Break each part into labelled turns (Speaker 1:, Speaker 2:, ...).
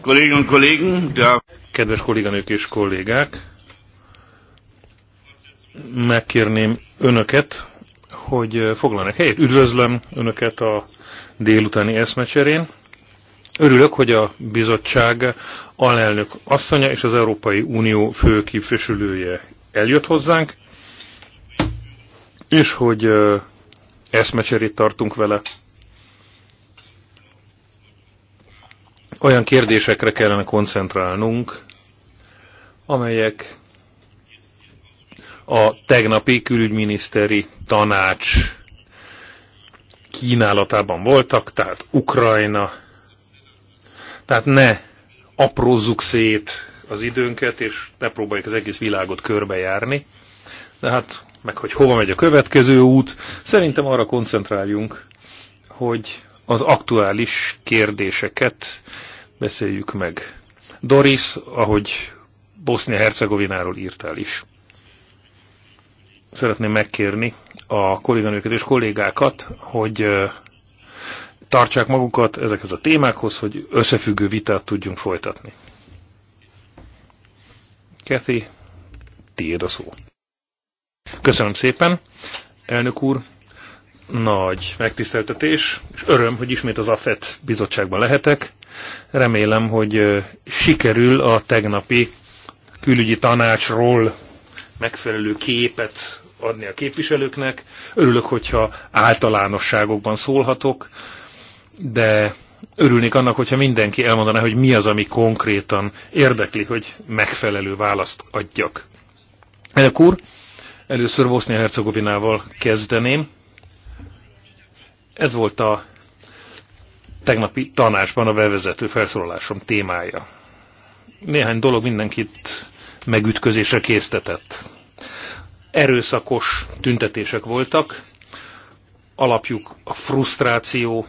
Speaker 1: Kolleginnen Kedves kolléganők és kollégák, megkérném önöket, hogy foglalnak helyet. Üdvözlöm önöket a délutáni eszmecserén. Örülök, hogy a bizottság alelnök asszonya és az Európai Unió fő képviselője eljött hozzánk, és hogy eszmecserét tartunk vele. olyan kérdésekre kellene koncentrálnunk, amelyek a tegnapi külügyminiszteri tanács kínálatában voltak, tehát Ukrajna. Tehát ne aprózzuk szét az időnket, és ne próbáljuk az egész világot körbejárni. De hát meg hogy hova megy a következő út, szerintem arra koncentráljunk, hogy az aktuális kérdéseket beszéljük meg. Doris, ahogy Bosznia-Hercegovináról írtál is. Szeretném megkérni a kolléganőket és kollégákat, hogy tartsák magukat ezekhez a témákhoz, hogy összefüggő vitát tudjunk folytatni. Kathy, tiéd a szó. Köszönöm szépen, elnök úr. Nagy megtiszteltetés, és öröm, hogy ismét az AFET bizottságban lehetek. Remélem, hogy sikerül a tegnapi külügyi tanácsról megfelelő képet adni a képviselőknek. Örülök, hogyha általánosságokban szólhatok, de örülnék annak, hogyha mindenki elmondaná, hogy mi az, ami konkrétan érdekli, hogy megfelelő választ adjak. Elnök úr, először Bosznia-Hercegovinával kezdeném. Ez volt a tegnapi tanácsban a bevezető felszólalásom témája. Néhány dolog mindenkit megütközésre késztetett. Erőszakos tüntetések voltak, alapjuk a frusztráció,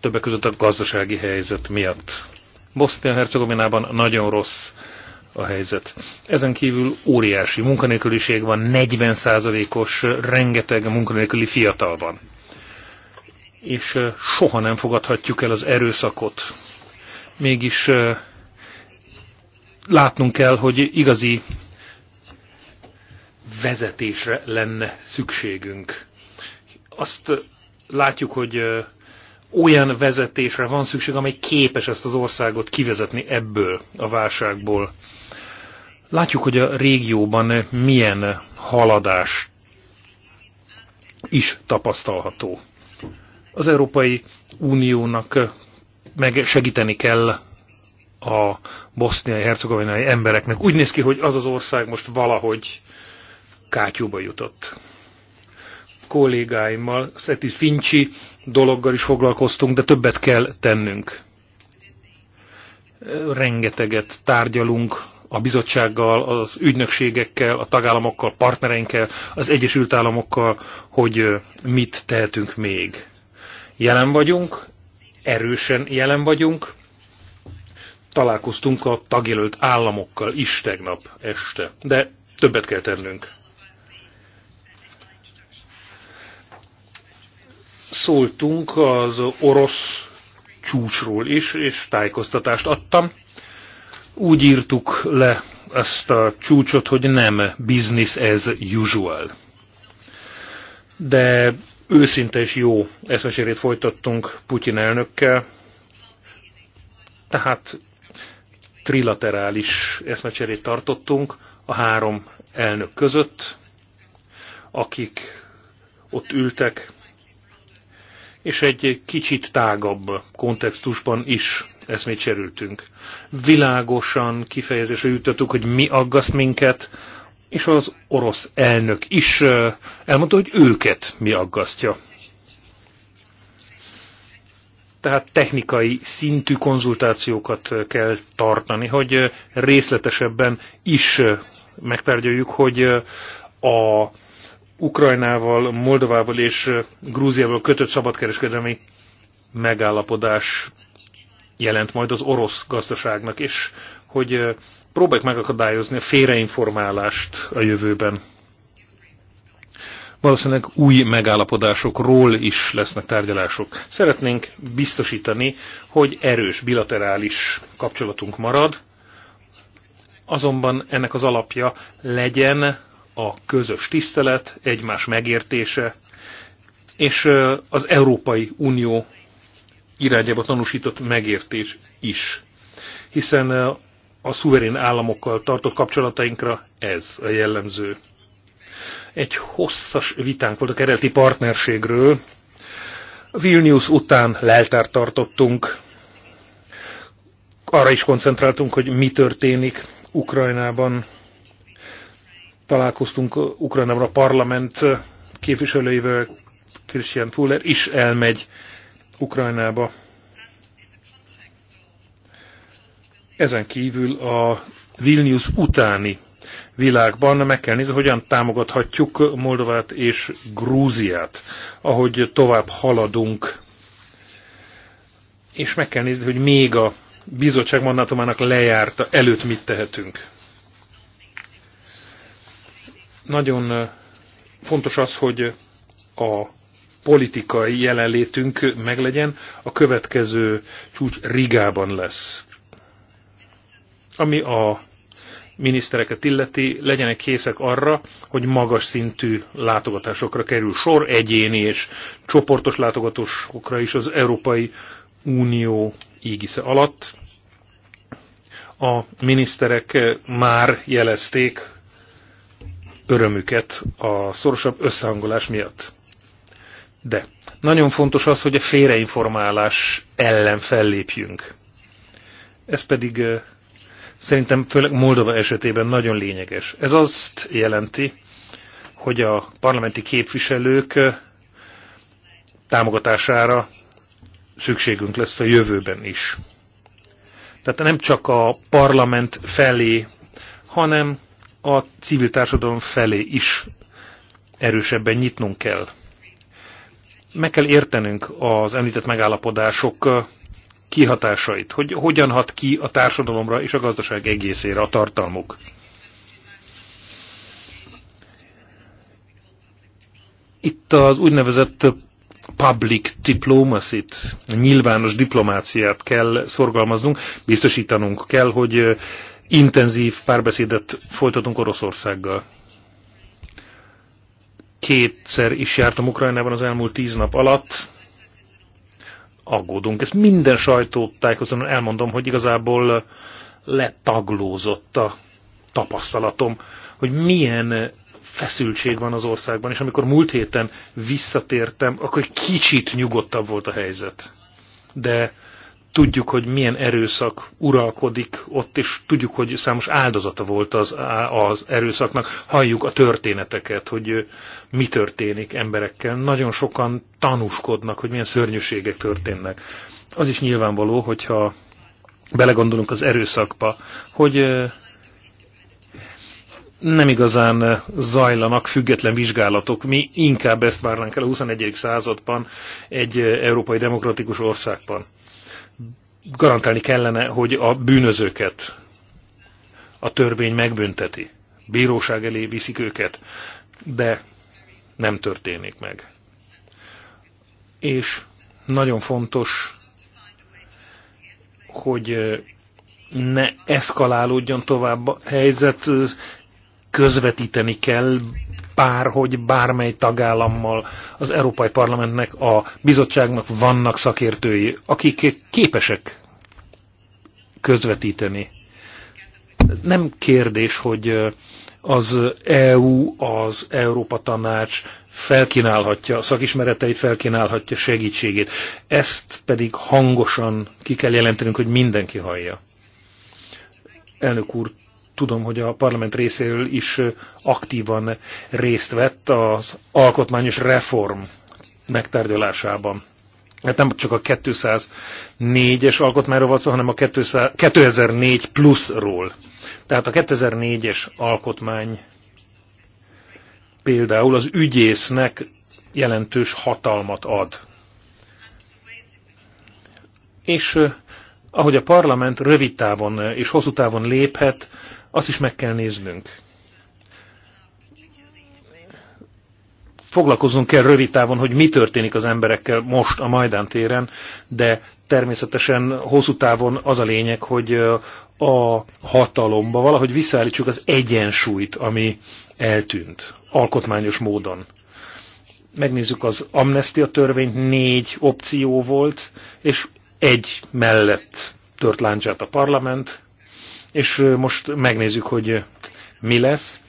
Speaker 1: többek között a gazdasági helyzet miatt. Bosznia-Hercegovinában nagyon rossz a helyzet. Ezen kívül óriási munkanélküliség van, 40%-os rengeteg munkanélküli fiatal van és soha nem fogadhatjuk el az erőszakot. Mégis látnunk kell, hogy igazi vezetésre lenne szükségünk. Azt látjuk, hogy olyan vezetésre van szükség, amely képes ezt az országot kivezetni ebből a válságból. Látjuk, hogy a régióban milyen haladás is tapasztalható. Az Európai Uniónak eh, meg segíteni kell a boszniai hercegovinai embereknek. Úgy néz ki, hogy az az ország most valahogy kátyúba jutott. Kollégáimmal, Szetis Fincsi dologgal is foglalkoztunk, de többet kell tennünk. Eh, rengeteget tárgyalunk a bizottsággal, az ügynökségekkel, a tagállamokkal, partnereinkkel, az Egyesült Államokkal, hogy eh, mit tehetünk még. Jelen vagyunk, erősen jelen vagyunk. Találkoztunk a tagjelölt államokkal is tegnap este, de többet kell tennünk. Szóltunk az orosz csúcsról is, és tájékoztatást adtam. Úgy írtuk le ezt a csúcsot, hogy nem business as usual. De őszinte és jó eszmesérét folytattunk Putyin elnökkel, tehát trilaterális eszmecserét tartottunk a három elnök között, akik ott ültek, és egy kicsit tágabb kontextusban is eszmét cserültünk. Világosan kifejezésre jutottuk, hogy mi aggaszt minket, és az orosz elnök is elmondta, hogy őket mi aggasztja. Tehát technikai szintű konzultációkat kell tartani, hogy részletesebben is megtárgyaljuk, hogy a Ukrajnával, Moldovával és Grúziával kötött szabadkereskedelmi megállapodás jelent majd az orosz gazdaságnak, és hogy próbáljuk megakadályozni a félreinformálást a jövőben. Valószínűleg új megállapodásokról is lesznek tárgyalások. Szeretnénk biztosítani, hogy erős bilaterális kapcsolatunk marad, azonban ennek az alapja legyen a közös tisztelet, egymás megértése, és az Európai Unió irányába tanúsított megértés is. Hiszen a szuverén államokkal tartott kapcsolatainkra ez a jellemző. Egy hosszas vitánk volt a kereti partnerségről. Vilnius után leltárt tartottunk. Arra is koncentráltunk, hogy mi történik Ukrajnában. Találkoztunk Ukrajnában a parlament képviselőivel, Christian Fuller is elmegy Ukrajnába. Ezen kívül a Vilnius utáni világban meg kell nézni, hogyan támogathatjuk Moldovát és Grúziát, ahogy tovább haladunk. És meg kell nézni, hogy még a bizottság mandátumának lejárta előtt mit tehetünk. Nagyon fontos az, hogy a politikai jelenlétünk meglegyen, a következő csúcs Rigában lesz ami a minisztereket illeti, legyenek készek arra, hogy magas szintű látogatásokra kerül sor, egyéni és csoportos látogatásokra is az Európai Unió ígisze alatt. A miniszterek már jelezték örömüket a szorosabb összehangolás miatt. De nagyon fontos az, hogy a félreinformálás ellen fellépjünk. Ez pedig Szerintem főleg Moldova esetében nagyon lényeges. Ez azt jelenti, hogy a parlamenti képviselők eh, támogatására szükségünk lesz a jövőben is. Tehát nem csak a parlament felé, hanem a civil társadalom felé is erősebben nyitnunk kell. Meg kell értenünk az említett megállapodások eh, kihatásait, hogy hogyan hat ki a társadalomra és a gazdaság egészére a tartalmuk. Itt az úgynevezett public diplomacy a nyilvános diplomáciát kell szorgalmaznunk, biztosítanunk kell, hogy intenzív párbeszédet folytatunk Oroszországgal. Kétszer is jártam Ukrajnában az elmúlt tíz nap alatt, aggódunk. Ezt minden sajtótájékozón elmondom, hogy igazából letaglózott a tapasztalatom, hogy milyen feszültség van az országban, és amikor múlt héten visszatértem, akkor egy kicsit nyugodtabb volt a helyzet. De tudjuk, hogy milyen erőszak uralkodik ott, és tudjuk, hogy számos áldozata volt az, az erőszaknak. Halljuk a történeteket, hogy mi történik emberekkel. Nagyon sokan tanúskodnak, hogy milyen szörnyűségek történnek. Az is nyilvánvaló, hogyha belegondolunk az erőszakba, hogy nem igazán zajlanak független vizsgálatok. Mi inkább ezt várnánk el a 21. században egy európai demokratikus országban garantálni kellene, hogy a bűnözőket a törvény megbünteti. Bíróság elé viszik őket, de nem történik meg. És nagyon fontos, hogy ne eszkalálódjon tovább a helyzet, közvetíteni kell bárhogy bármely tagállammal az Európai Parlamentnek, a bizottságnak vannak szakértői, akik képesek közvetíteni. Nem kérdés, hogy az EU, az Európa Tanács felkínálhatja, szakismereteit felkínálhatja segítségét. Ezt pedig hangosan ki kell jelentenünk, hogy mindenki hallja. Elnök úr, tudom, hogy a parlament részéről is aktívan részt vett az alkotmányos reform megtárgyalásában. Hát nem csak a 204-es alkotmányról van szó, hanem a 200, 2004 pluszról. Tehát a 2004-es alkotmány például az ügyésznek jelentős hatalmat ad. És ahogy a parlament rövid távon és hosszú távon léphet, azt is meg kell néznünk. Foglalkozunk kell rövid távon, hogy mi történik az emberekkel most a Majdán téren, de természetesen hosszú távon az a lényeg, hogy a hatalomba valahogy visszaállítsuk az egyensúlyt, ami eltűnt alkotmányos módon megnézzük az amnestia törvényt, négy opció volt, és egy mellett tört láncsát a parlament és most megnézzük, hogy mi lesz.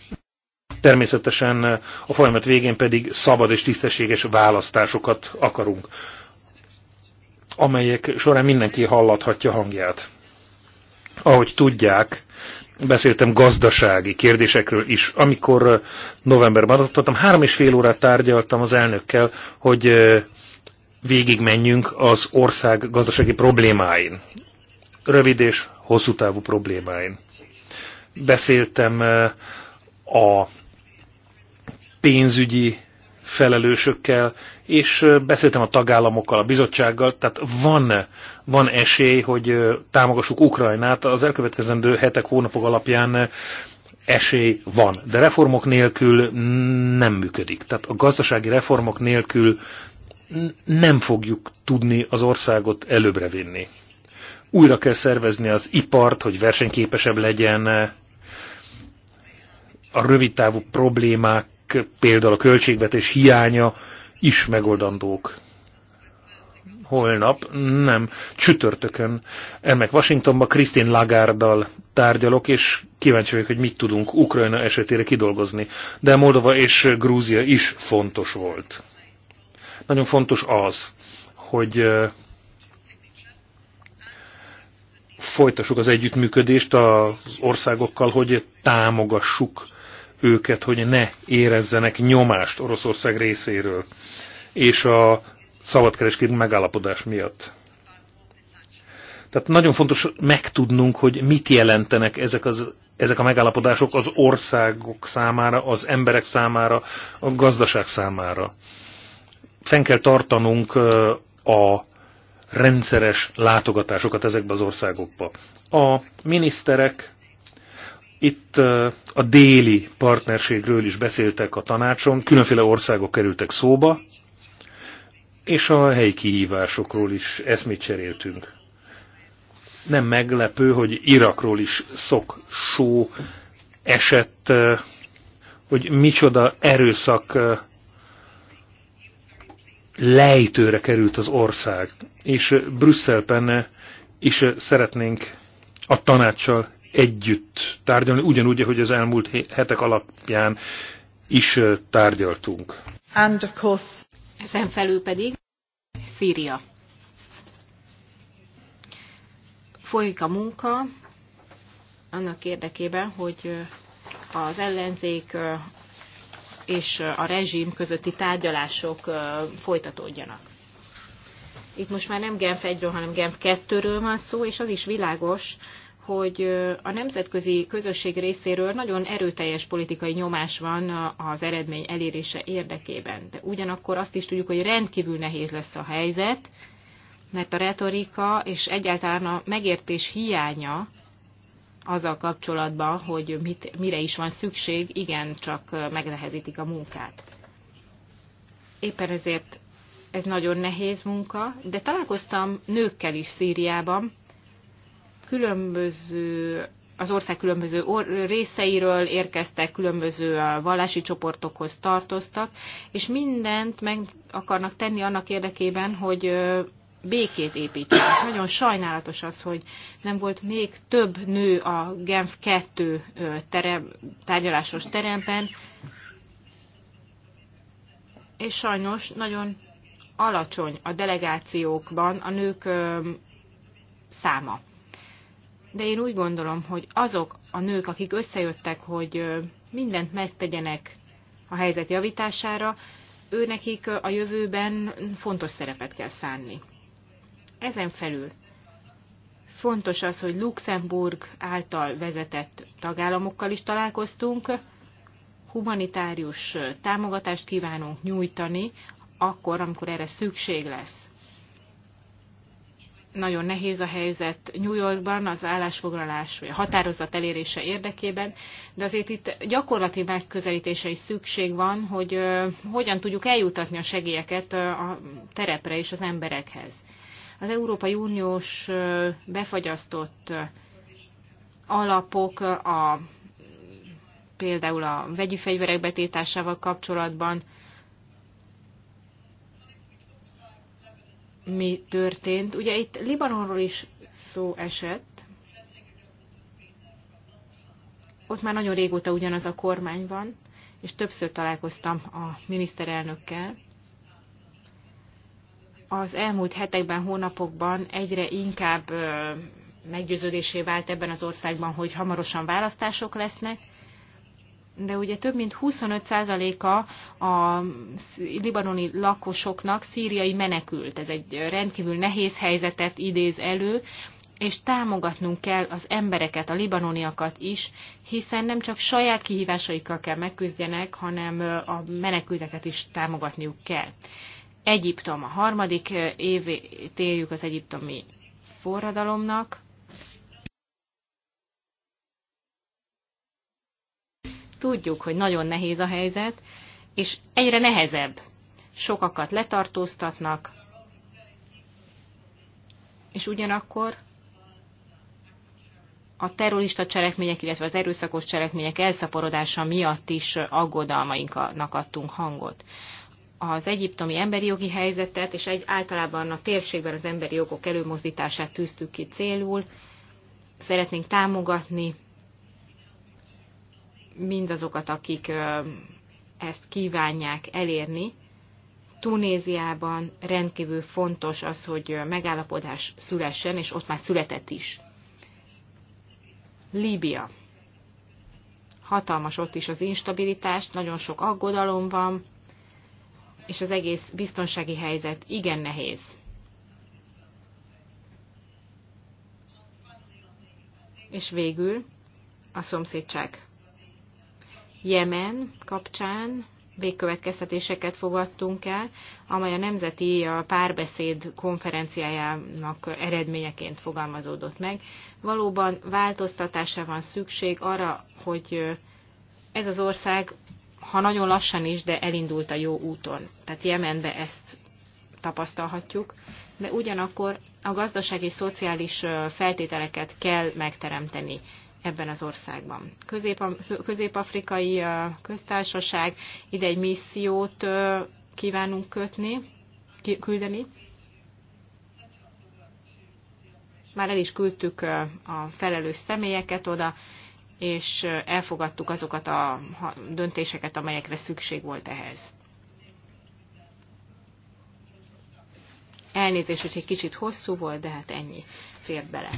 Speaker 1: Természetesen a folyamat végén pedig szabad és tisztességes választásokat akarunk, amelyek során mindenki hallathatja hangját. Ahogy tudják, beszéltem gazdasági kérdésekről is. Amikor novemberben ott voltam, három és fél órát tárgyaltam az elnökkel, hogy végigmenjünk az ország gazdasági problémáin. Rövid és hosszú távú problémáin. Beszéltem eh, a pénzügyi felelősökkel, és eh, beszéltem a tagállamokkal, a bizottsággal, tehát van, van esély, hogy eh, támogassuk Ukrajnát, az elkövetkezendő hetek, hónapok alapján esély van, de reformok nélkül nem működik. Tehát a gazdasági reformok nélkül nem fogjuk tudni az országot előbbre vinni újra kell szervezni az ipart, hogy versenyképesebb legyen, a rövidtávú problémák, például a költségvetés hiánya is megoldandók. Holnap, nem, csütörtökön ennek Washingtonba Christine Lagarddal tárgyalok, és kíváncsi vagyok, hogy mit tudunk Ukrajna esetére kidolgozni. De Moldova és Grúzia is fontos volt. Nagyon fontos az, hogy folytassuk az együttműködést az országokkal, hogy támogassuk őket, hogy ne érezzenek nyomást Oroszország részéről, és a szabadkereskedelmi megállapodás miatt. Tehát nagyon fontos megtudnunk, hogy mit jelentenek ezek, az, ezek a megállapodások az országok számára, az emberek számára, a gazdaság számára. Fenn kell tartanunk a rendszeres látogatásokat ezekbe az országokba. A miniszterek itt a déli partnerségről is beszéltek a tanácson, különféle országok kerültek szóba, és a helyi kihívásokról is eszmét cseréltünk. Nem meglepő, hogy Irakról is szok só esett, hogy micsoda erőszak lejtőre került az ország, és Brüsszelben is szeretnénk a tanácssal együtt tárgyalni, ugyanúgy, ahogy az elmúlt hetek alapján is tárgyaltunk.
Speaker 2: And of course, ezen felül pedig Szíria. Folyik a munka annak érdekében, hogy az ellenzék és a rezsim közötti tárgyalások folytatódjanak. Itt most már nem Genf 1-ről, hanem Genf 2-ről van szó, és az is világos, hogy a nemzetközi közösség részéről nagyon erőteljes politikai nyomás van az eredmény elérése érdekében. De ugyanakkor azt is tudjuk, hogy rendkívül nehéz lesz a helyzet, mert a retorika és egyáltalán a megértés hiánya azzal kapcsolatban, hogy mit, mire is van szükség, igen, csak megnehezítik a munkát. Éppen ezért ez nagyon nehéz munka, de találkoztam nőkkel is Szíriában, különböző, az ország különböző or- részeiről érkeztek, különböző vallási csoportokhoz tartoztak, és mindent meg akarnak tenni annak érdekében, hogy békét építsünk. Nagyon sajnálatos az, hogy nem volt még több nő a Genf 2 terem, tárgyalásos teremben, és sajnos nagyon alacsony a delegációkban a nők száma. De én úgy gondolom, hogy azok a nők, akik összejöttek, hogy mindent megtegyenek a helyzet javítására, ő nekik a jövőben fontos szerepet kell szánni. Ezen felül fontos az, hogy Luxemburg által vezetett tagállamokkal is találkoztunk, humanitárius támogatást kívánunk nyújtani, akkor, amikor erre szükség lesz. Nagyon nehéz a helyzet New Yorkban az állásfoglalás vagy a határozat elérése érdekében, de azért itt gyakorlati megközelítése is szükség van, hogy hogyan tudjuk eljutatni a segélyeket a terepre és az emberekhez az Európai Uniós befagyasztott alapok a például a vegyi fegyverek betétásával kapcsolatban mi történt. Ugye itt Libanonról is szó esett. Ott már nagyon régóta ugyanaz a kormány van, és többször találkoztam a miniszterelnökkel, az elmúlt hetekben, hónapokban egyre inkább meggyőződésé vált ebben az országban, hogy hamarosan választások lesznek, de ugye több mint 25%-a a libanoni lakosoknak szíriai menekült. Ez egy rendkívül nehéz helyzetet idéz elő, és támogatnunk kell az embereket, a libanoniakat is, hiszen nem csak saját kihívásaikkal kell megküzdjenek, hanem a menekülteket is támogatniuk kell. Egyiptom a harmadik eh, évét éljük az egyiptomi forradalomnak. Tudjuk, hogy nagyon nehéz a helyzet, és egyre nehezebb. Sokakat letartóztatnak, és ugyanakkor a terrorista cselekmények, illetve az erőszakos cselekmények elszaporodása miatt is aggodalmainknak adtunk hangot az egyiptomi emberi jogi helyzetet, és egy általában a térségben az emberi jogok előmozdítását tűztük ki célul. Szeretnénk támogatni mindazokat, akik ezt kívánják elérni. Tunéziában rendkívül fontos az, hogy megállapodás szülessen, és ott már született is. Líbia. Hatalmas ott is az instabilitás, nagyon sok aggodalom van, és az egész biztonsági helyzet igen nehéz. És végül a szomszédság. Jemen kapcsán végkövetkeztetéseket fogadtunk el, amely a Nemzeti Párbeszéd konferenciájának eredményeként fogalmazódott meg. Valóban változtatásra van szükség arra, hogy ez az ország ha nagyon lassan is, de elindult a jó úton. Tehát Jemenbe ezt tapasztalhatjuk, de ugyanakkor a gazdasági és szociális feltételeket kell megteremteni ebben az országban. Közép-afrikai köztársaság ide egy missziót kívánunk kötni, küldeni. Már el is küldtük a felelős személyeket oda, és elfogadtuk azokat a döntéseket, amelyekre szükség volt ehhez. Elnézést, hogy egy kicsit hosszú volt, de hát ennyi fér bele.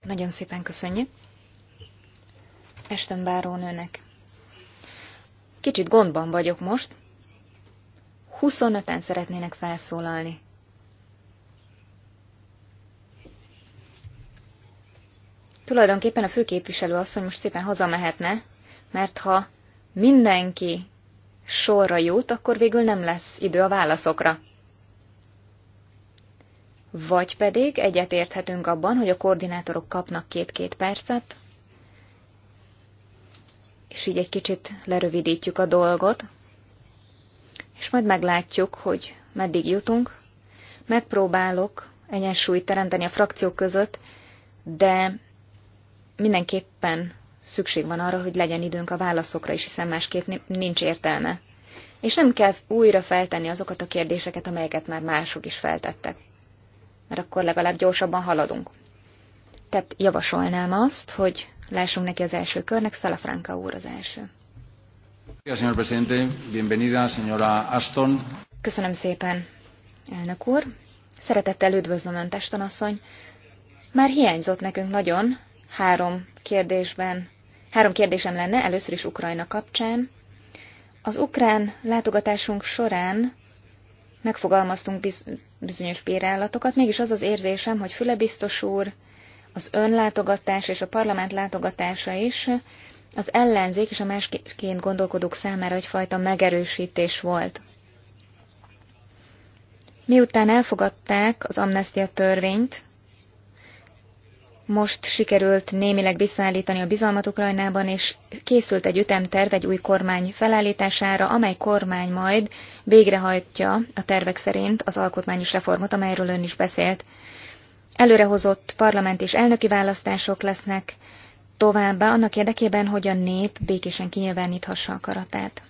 Speaker 3: Nagyon szépen köszönjük. Esten nőnek. Kicsit gondban vagyok most, 25-en szeretnének felszólalni. Tulajdonképpen a főképviselő asszony most szépen hazamehetne, mert ha mindenki sorra jut, akkor végül nem lesz idő a válaszokra. Vagy pedig egyetérthetünk abban, hogy a koordinátorok kapnak két-két percet, és így egy kicsit lerövidítjük a dolgot, és majd meglátjuk, hogy meddig jutunk. Megpróbálok egyensúlyt teremteni a frakciók között, de mindenképpen szükség van arra, hogy legyen időnk a válaszokra is, hiszen másképp nincs értelme. És nem kell újra feltenni azokat a kérdéseket, amelyeket már mások is feltettek. Mert akkor legalább gyorsabban haladunk. Tehát javasolnám azt, hogy lássunk neki az első körnek, Szalafranka úr az első. Köszönöm szépen, elnök úr. Szeretettel üdvözlöm Önt, Eston asszony. Már hiányzott nekünk nagyon, három kérdésben, három kérdésem lenne, először is Ukrajna kapcsán. Az ukrán látogatásunk során megfogalmaztunk bizonyos bírálatokat, mégis az az érzésem, hogy Füle biztos úr, az önlátogatás és a parlament látogatása is az ellenzék és a másként gondolkodók számára egyfajta megerősítés volt. Miután elfogadták az amnestia törvényt, most sikerült némileg visszaállítani a bizalmat Ukrajnában, és készült egy ütemterv egy új kormány felállítására, amely kormány majd végrehajtja a tervek szerint az alkotmányos reformot, amelyről ön is beszélt. Előrehozott parlament és elnöki választások lesznek, Továbbá annak érdekében, hogy a nép békésen kinyilváníthassa karatát.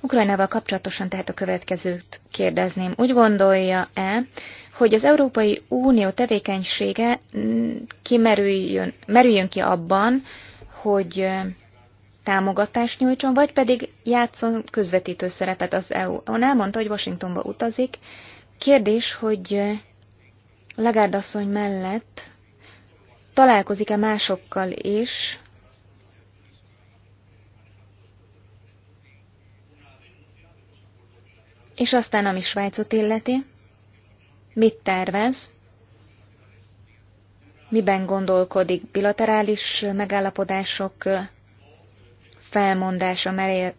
Speaker 3: Ukrajnával kapcsolatosan tehát a következőt kérdezném. Úgy gondolja-e, hogy az Európai Unió tevékenysége mm, kimerüljön, merüljön ki abban, hogy támogatást nyújtson, vagy pedig játszon közvetítő szerepet az EU. On elmondta, hogy Washingtonba utazik. Kérdés, hogy Lagarde asszony mellett találkozik-e másokkal is, és aztán ami Svájcot illeti, mit tervez, miben gondolkodik bilaterális megállapodások felmondása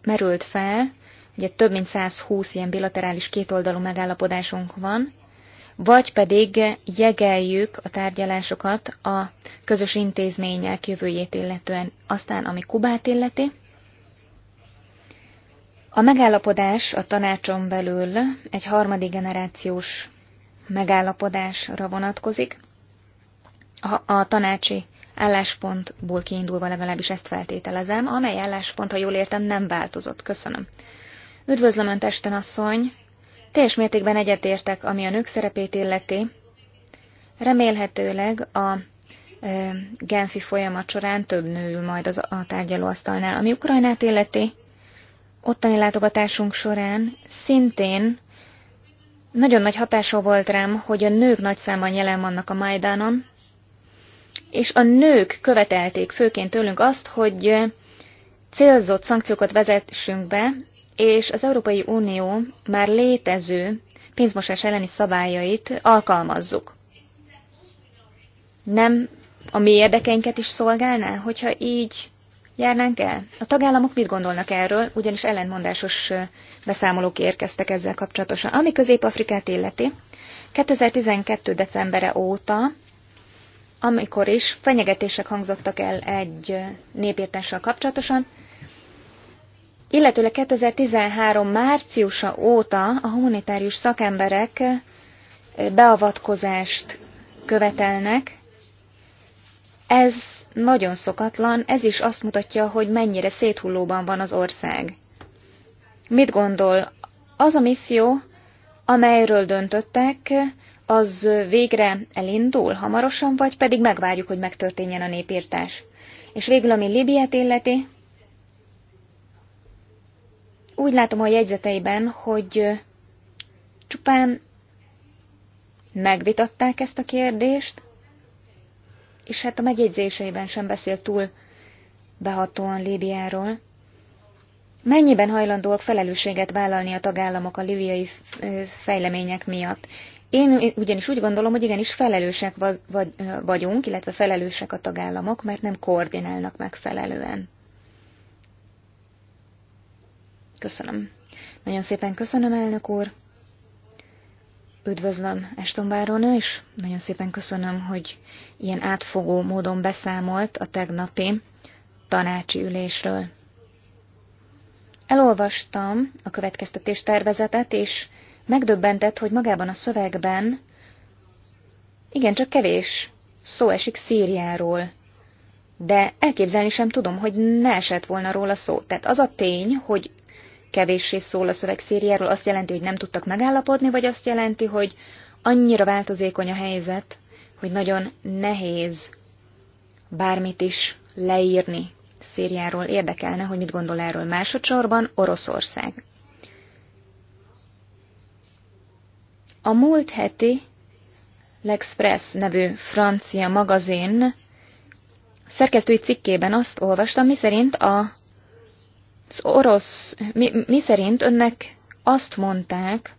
Speaker 3: merült fel, ugye több mint 120 ilyen bilaterális kétoldalú megállapodásunk van, vagy pedig jegeljük a tárgyalásokat a közös intézmények jövőjét illetően. Aztán, ami Kubát illeti, a megállapodás a tanácson belül egy harmadik generációs megállapodásra vonatkozik. A, a tanácsi álláspontból kiindulva legalábbis ezt feltételezem, amely álláspont, ha jól értem, nem változott. Köszönöm. Üdvözlöm Ön, testen asszony! Teljes mértékben egyetértek, ami a nők szerepét illeti. Remélhetőleg a Genfi folyamat során több nő ül majd az, a tárgyalóasztalnál. Ami Ukrajnát illeti, ottani látogatásunk során szintén nagyon nagy hatása volt rám, hogy a nők nagy számban jelen vannak a Majdánon, és a nők követelték főként tőlünk azt, hogy célzott szankciókat vezessünk be és az Európai Unió már létező pénzmosás elleni szabályait alkalmazzuk. Nem a mi érdekeinket is szolgálná, hogyha így járnánk el? A tagállamok mit gondolnak erről, ugyanis ellentmondásos beszámolók érkeztek ezzel kapcsolatosan. Ami Közép-Afrikát illeti, 2012. decembere óta, amikor is fenyegetések hangzottak el egy népírtással kapcsolatosan, illetőleg 2013 márciusa óta a humanitárius szakemberek beavatkozást követelnek. Ez nagyon szokatlan, ez is azt mutatja, hogy mennyire széthullóban van az ország. Mit gondol, az a misszió, amelyről döntöttek, az végre elindul hamarosan, vagy pedig megvárjuk, hogy megtörténjen a népírtás? És végül, ami Libiát illeti, úgy látom a jegyzeteiben, hogy csupán megvitatták ezt a kérdést, és hát a megjegyzéseiben sem beszél túl behatóan Líbiáról. Mennyiben hajlandóak felelősséget vállalni a tagállamok a libiai fejlemények miatt? Én ugyanis úgy gondolom, hogy igenis felelősek vagyunk, illetve felelősek a tagállamok, mert nem koordinálnak megfelelően. Köszönöm. Nagyon szépen köszönöm, elnök úr. Üdvözlöm Eston is. Nagyon szépen köszönöm, hogy ilyen átfogó módon beszámolt a tegnapi tanácsi ülésről. Elolvastam a következtetés tervezetet, és megdöbbentett, hogy magában a szövegben igen, csak kevés szó esik Szíriáról, de elképzelni sem tudom, hogy ne esett volna róla szó. Tehát az a tény, hogy kevéssé szól a szöveg szériáról, azt jelenti, hogy nem tudtak megállapodni, vagy azt jelenti, hogy annyira változékony a helyzet, hogy nagyon nehéz bármit is leírni szériáról. Érdekelne, hogy mit gondol erről másodszorban Oroszország. A múlt heti L'Express nevű francia magazin szerkesztői cikkében azt olvastam, miszerint a az orosz, mi, mi szerint önnek azt mondták,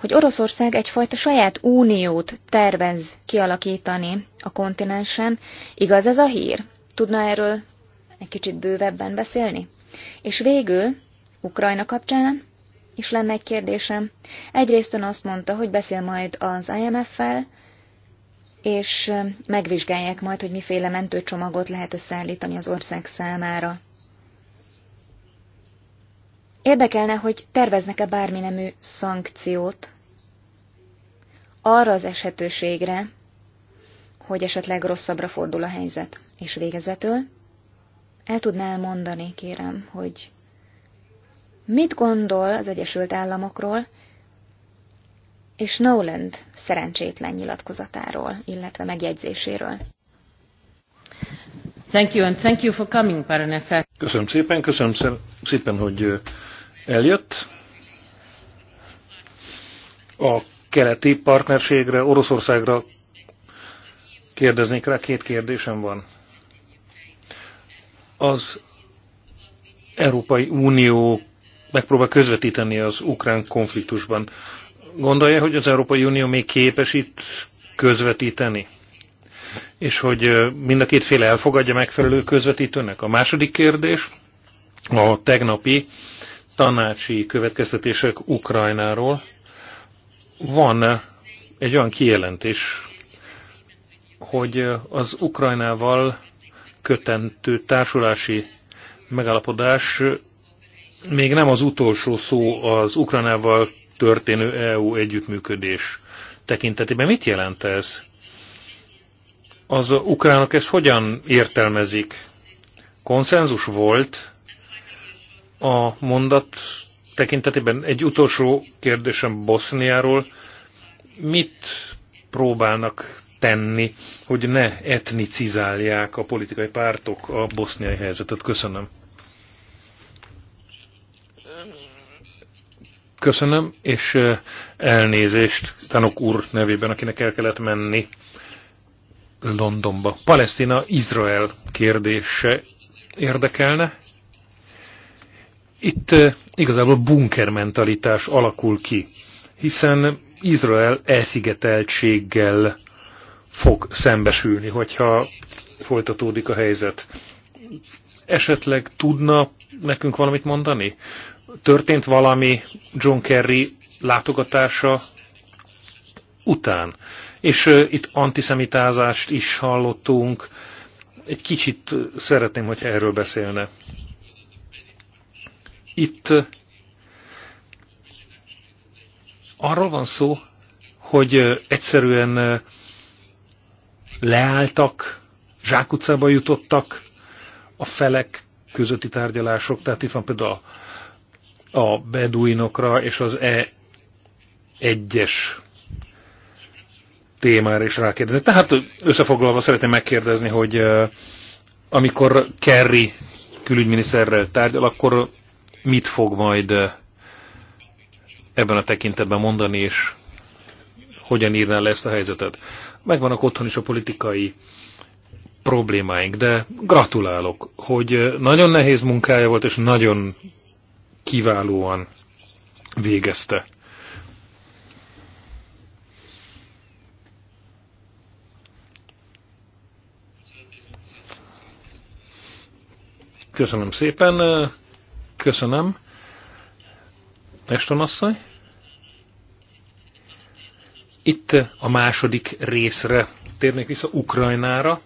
Speaker 3: hogy Oroszország egyfajta saját uniót tervez kialakítani a kontinensen. Igaz ez a hír? Tudna erről egy kicsit bővebben beszélni? És végül, Ukrajna kapcsán, is lenne egy kérdésem. Egyrészt ön azt mondta, hogy beszél majd az IMF-fel, és megvizsgálják majd, hogy miféle mentőcsomagot lehet összeállítani az ország számára. Érdekelne, hogy terveznek-e bárminemű szankciót arra az eshetőségre, hogy esetleg rosszabbra fordul a helyzet. És végezetül el tudná mondani, kérem, hogy mit gondol az Egyesült Államokról és Noland szerencsétlen nyilatkozatáról, illetve megjegyzéséről.
Speaker 2: Thank you and thank you for coming, Köszönöm
Speaker 1: szépen, köszönöm szépen, hogy eljött. A keleti partnerségre, Oroszországra kérdeznék rá, két kérdésem van. Az Európai Unió megpróbál közvetíteni az ukrán konfliktusban. Gondolja, hogy az Európai Unió még képes itt közvetíteni? És hogy mind a két fél elfogadja megfelelő közvetítőnek? A második kérdés, a tegnapi tanácsi következtetések Ukrajnáról van egy olyan kijelentés, hogy az Ukrajnával kötentő társulási megállapodás még nem az utolsó szó az Ukrajnával történő EU együttműködés tekintetében. Mit jelent ez? Az ukránok ezt hogyan értelmezik? Konszenzus volt a mondat tekintetében egy utolsó kérdésem Boszniáról. Mit próbálnak tenni, hogy ne etnicizálják a politikai pártok a boszniai helyzetet? Köszönöm. Köszönöm, és elnézést Tanok úr nevében, akinek el kellett menni Londonba. Palesztina-Izrael kérdése érdekelne itt eh, igazából bunkermentalitás alakul ki, hiszen Izrael elszigeteltséggel fog szembesülni, hogyha folytatódik a helyzet. Esetleg tudna nekünk valamit mondani? Történt valami John Kerry látogatása után? És uh, itt antiszemitázást is hallottunk. Egy kicsit eh, szeretném, hogy erről beszélne. Itt eh, arról van szó, hogy eh, egyszerűen eh, leálltak, zsákutcába jutottak a felek közötti tárgyalások, tehát itt van például a, a beduinokra és az E1-es témára is rákérdezett. Tehát összefoglalva szeretném megkérdezni, hogy amikor Kerry külügyminiszterrel tárgyal, akkor mit fog majd ebben a tekintetben mondani, és hogyan írná le ezt a helyzetet. Megvannak otthon is a politikai problémáink, de gratulálok, hogy nagyon nehéz munkája volt, és nagyon kiválóan végezte. Köszönöm szépen. Köszönöm. Testonasszony. Itt a második részre térnék vissza Ukrajnára.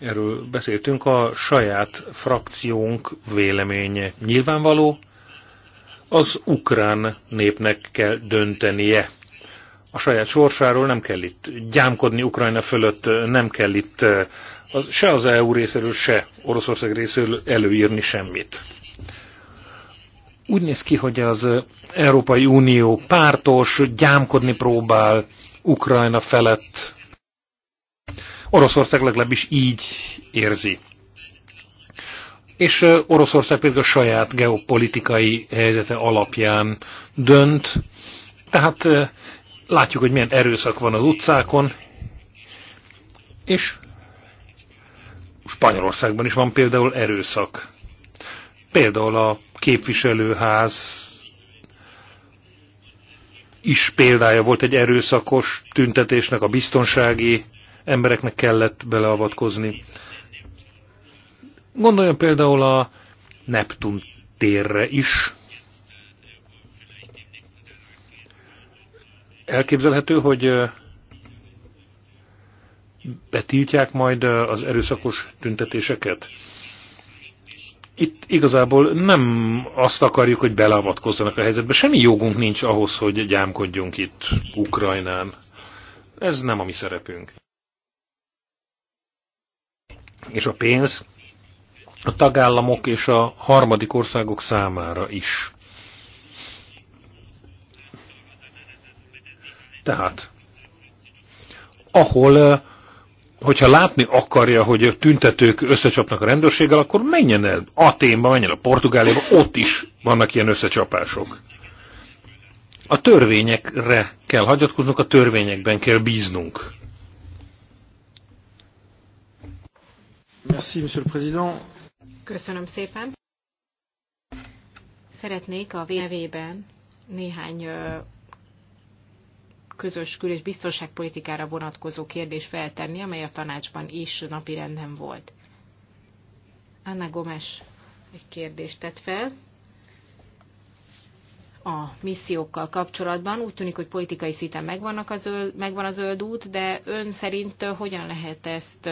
Speaker 1: Erről beszéltünk, a saját frakciónk véleménye nyilvánvaló. Az ukrán népnek kell döntenie. A saját sorsáról nem kell itt gyámkodni Ukrajna fölött, nem kell itt eh, az, se az EU részéről, se Oroszország részéről előírni semmit úgy néz ki, hogy az Európai Unió pártos, gyámkodni próbál Ukrajna felett. Oroszország legalábbis így érzi. És Oroszország például a saját geopolitikai helyzete alapján dönt. Tehát látjuk, hogy milyen erőszak van az utcákon, és Spanyolországban is van például erőszak. Például a képviselőház is példája volt egy erőszakos tüntetésnek, a biztonsági embereknek kellett beleavatkozni. Gondoljon például a Neptun térre is. Elképzelhető, hogy betiltják majd az erőszakos tüntetéseket? itt igazából nem azt akarjuk, hogy beleavatkozzanak a helyzetbe. Semmi jogunk nincs ahhoz, hogy gyámkodjunk itt Ukrajnán. Ez nem a mi szerepünk. És a pénz a tagállamok és a harmadik országok számára is. Tehát, ahol eh, hogyha látni akarja, hogy a tüntetők összecsapnak a rendőrséggel, akkor menjen el Aténba, menjen a Portugáliába, ott is vannak ilyen összecsapások. A törvényekre kell hagyatkoznunk, a törvényekben kell bíznunk.
Speaker 2: Merci, Monsieur le Président. Köszönöm szépen. Szeretnék a vévében néhány közös kül- és biztonságpolitikára vonatkozó kérdést feltenni, amely a tanácsban is napirenden volt. Anna Gomes egy kérdést tett fel a missziókkal kapcsolatban. Úgy tűnik, hogy politikai szinten megvannak a zöld, megvan a zöld út, de ön szerint hogyan lehet ezt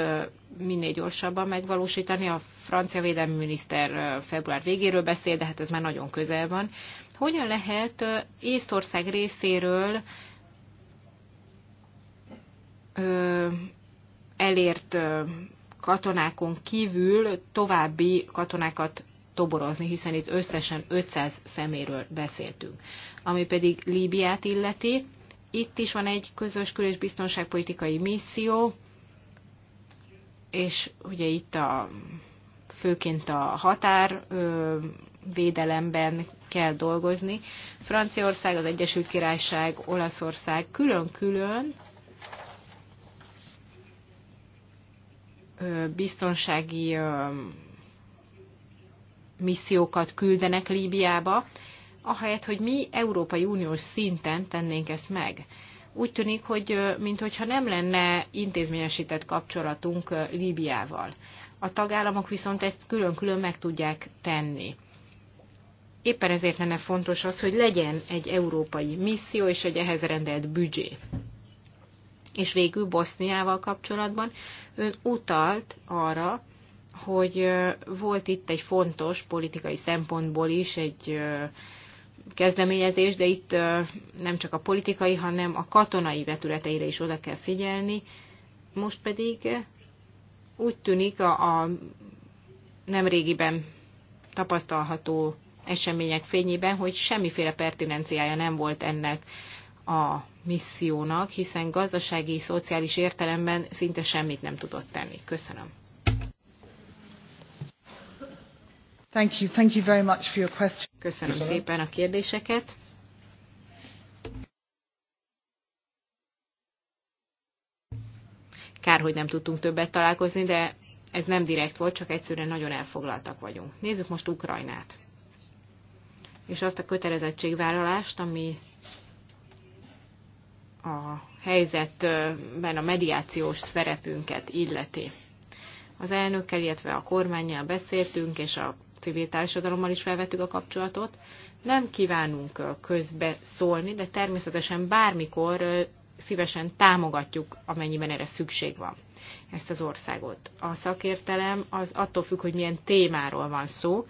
Speaker 2: minél gyorsabban megvalósítani? A francia védelmi miniszter február végéről beszél, de hát ez már nagyon közel van. Hogyan lehet Észtország részéről ö, elért ö, katonákon kívül további katonákat toborozni, hiszen itt összesen 500 szeméről beszéltünk. Ami pedig Líbiát illeti, itt is van egy közös kül- és biztonságpolitikai misszió, és ugye itt a főként a határ ö, védelemben kell dolgozni. Franciaország, az Egyesült Királyság, Olaszország külön-külön biztonsági missziókat küldenek Líbiába, ahelyett, hogy mi Európai Uniós szinten tennénk ezt meg. Úgy tűnik, hogy mintha nem lenne intézményesített kapcsolatunk Líbiával. A tagállamok viszont ezt külön-külön meg tudják tenni. Éppen ezért lenne fontos az, hogy legyen egy európai misszió és egy ehhez rendelt büdzsé. És végül Boszniával kapcsolatban ön utalt arra, hogy volt itt egy fontos politikai szempontból is egy kezdeményezés, de itt nem csak a politikai, hanem a katonai vetületeire is oda kell figyelni. Most pedig úgy tűnik a, a nemrégiben tapasztalható események fényében, hogy semmiféle pertinenciája nem volt ennek a missziónak, hiszen gazdasági, szociális értelemben szinte semmit nem tudott tenni. Köszönöm. Thank you. Thank you very much for your question. Köszönöm, Köszönöm szépen a kérdéseket. Kár, hogy nem tudtunk többet találkozni, de ez nem direkt volt, csak egyszerűen nagyon elfoglaltak vagyunk. Nézzük most Ukrajnát. És azt a kötelezettségvállalást, ami a helyzetben a mediációs szerepünket illeti. Az elnökkel, illetve a kormányjal beszéltünk, és a civil társadalommal is felvettük a kapcsolatot. Nem kívánunk közbe szólni, de természetesen bármikor szívesen támogatjuk, amennyiben erre szükség van ezt az országot. A szakértelem az attól függ, hogy milyen témáról van szó.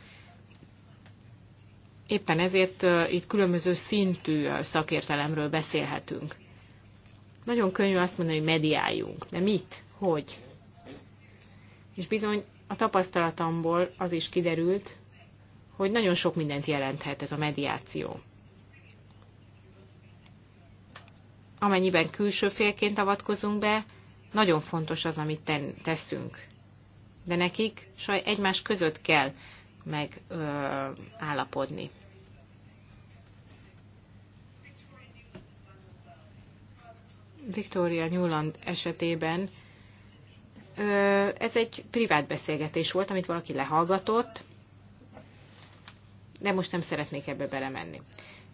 Speaker 2: Éppen ezért itt különböző szintű szakértelemről beszélhetünk. Nagyon könnyű azt mondani, hogy mediáljunk, de mit, hogy? És bizony a tapasztalatomból az is kiderült, hogy nagyon sok mindent jelenthet ez a mediáció. Amennyiben külső félként avatkozunk be, nagyon fontos az, amit ten, teszünk. De nekik saj egymás között kell megállapodni. Victoria Newland esetében ez egy privát beszélgetés volt, amit valaki lehallgatott, de most nem szeretnék ebbe belemenni.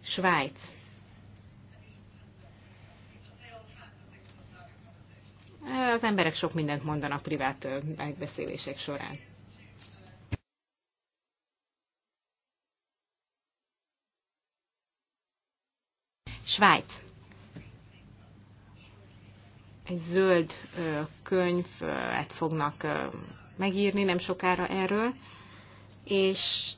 Speaker 2: Svájc. Az emberek sok mindent mondanak privát megbeszélések során. Svájc egy zöld könyvet fognak megírni nem sokára erről, és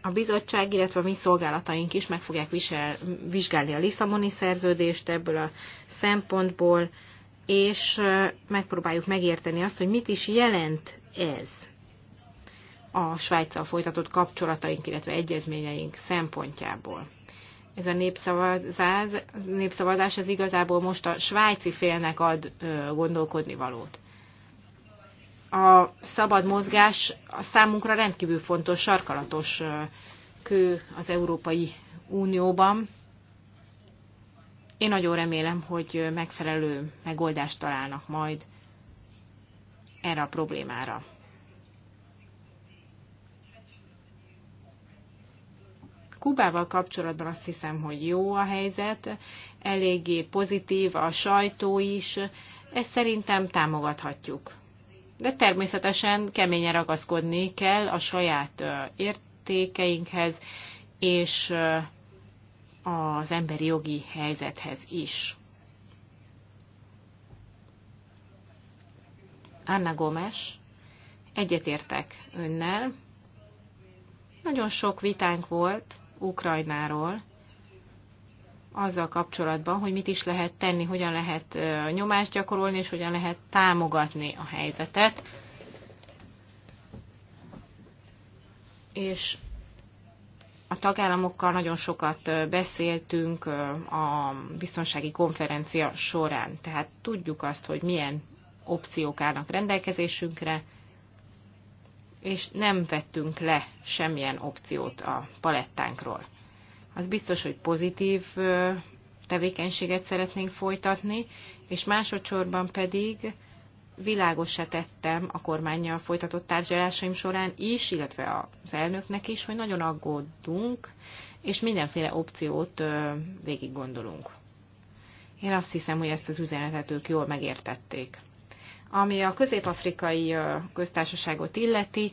Speaker 2: a bizottság, illetve a mi szolgálataink is meg fogják visel, vizsgálni a Lisszaboni szerződést ebből a szempontból, és megpróbáljuk megérteni azt, hogy mit is jelent ez a Svájccal folytatott kapcsolataink, illetve egyezményeink szempontjából ez a népszavazás, népszavazás az igazából most a svájci félnek ad gondolkodni valót. A szabad mozgás a számunkra rendkívül fontos, sarkalatos kő az Európai Unióban. Én nagyon remélem, hogy megfelelő megoldást találnak majd erre a problémára. Kubával kapcsolatban azt hiszem, hogy jó a helyzet, eléggé pozitív a sajtó is, ezt szerintem támogathatjuk. De természetesen keményen ragaszkodni kell a saját értékeinkhez, és az emberi jogi helyzethez is. Anna Gomes, egyetértek önnel. Nagyon sok vitánk volt Ukrajnáról, azzal kapcsolatban, hogy mit is lehet tenni, hogyan lehet nyomást gyakorolni, és hogyan lehet támogatni a helyzetet. És a tagállamokkal nagyon sokat beszéltünk a biztonsági konferencia során, tehát tudjuk azt, hogy milyen opciók állnak rendelkezésünkre, és nem vettünk le semmilyen opciót a palettánkról. Az biztos, hogy pozitív tevékenységet szeretnénk folytatni, és másodszorban pedig világosra tettem a kormányjal folytatott tárgyalásaim során is, illetve az elnöknek is, hogy nagyon aggódunk, és mindenféle opciót végig gondolunk. Én azt hiszem, hogy ezt az üzenetet ők jól megértették. Ami a közép-afrikai köztársaságot illeti,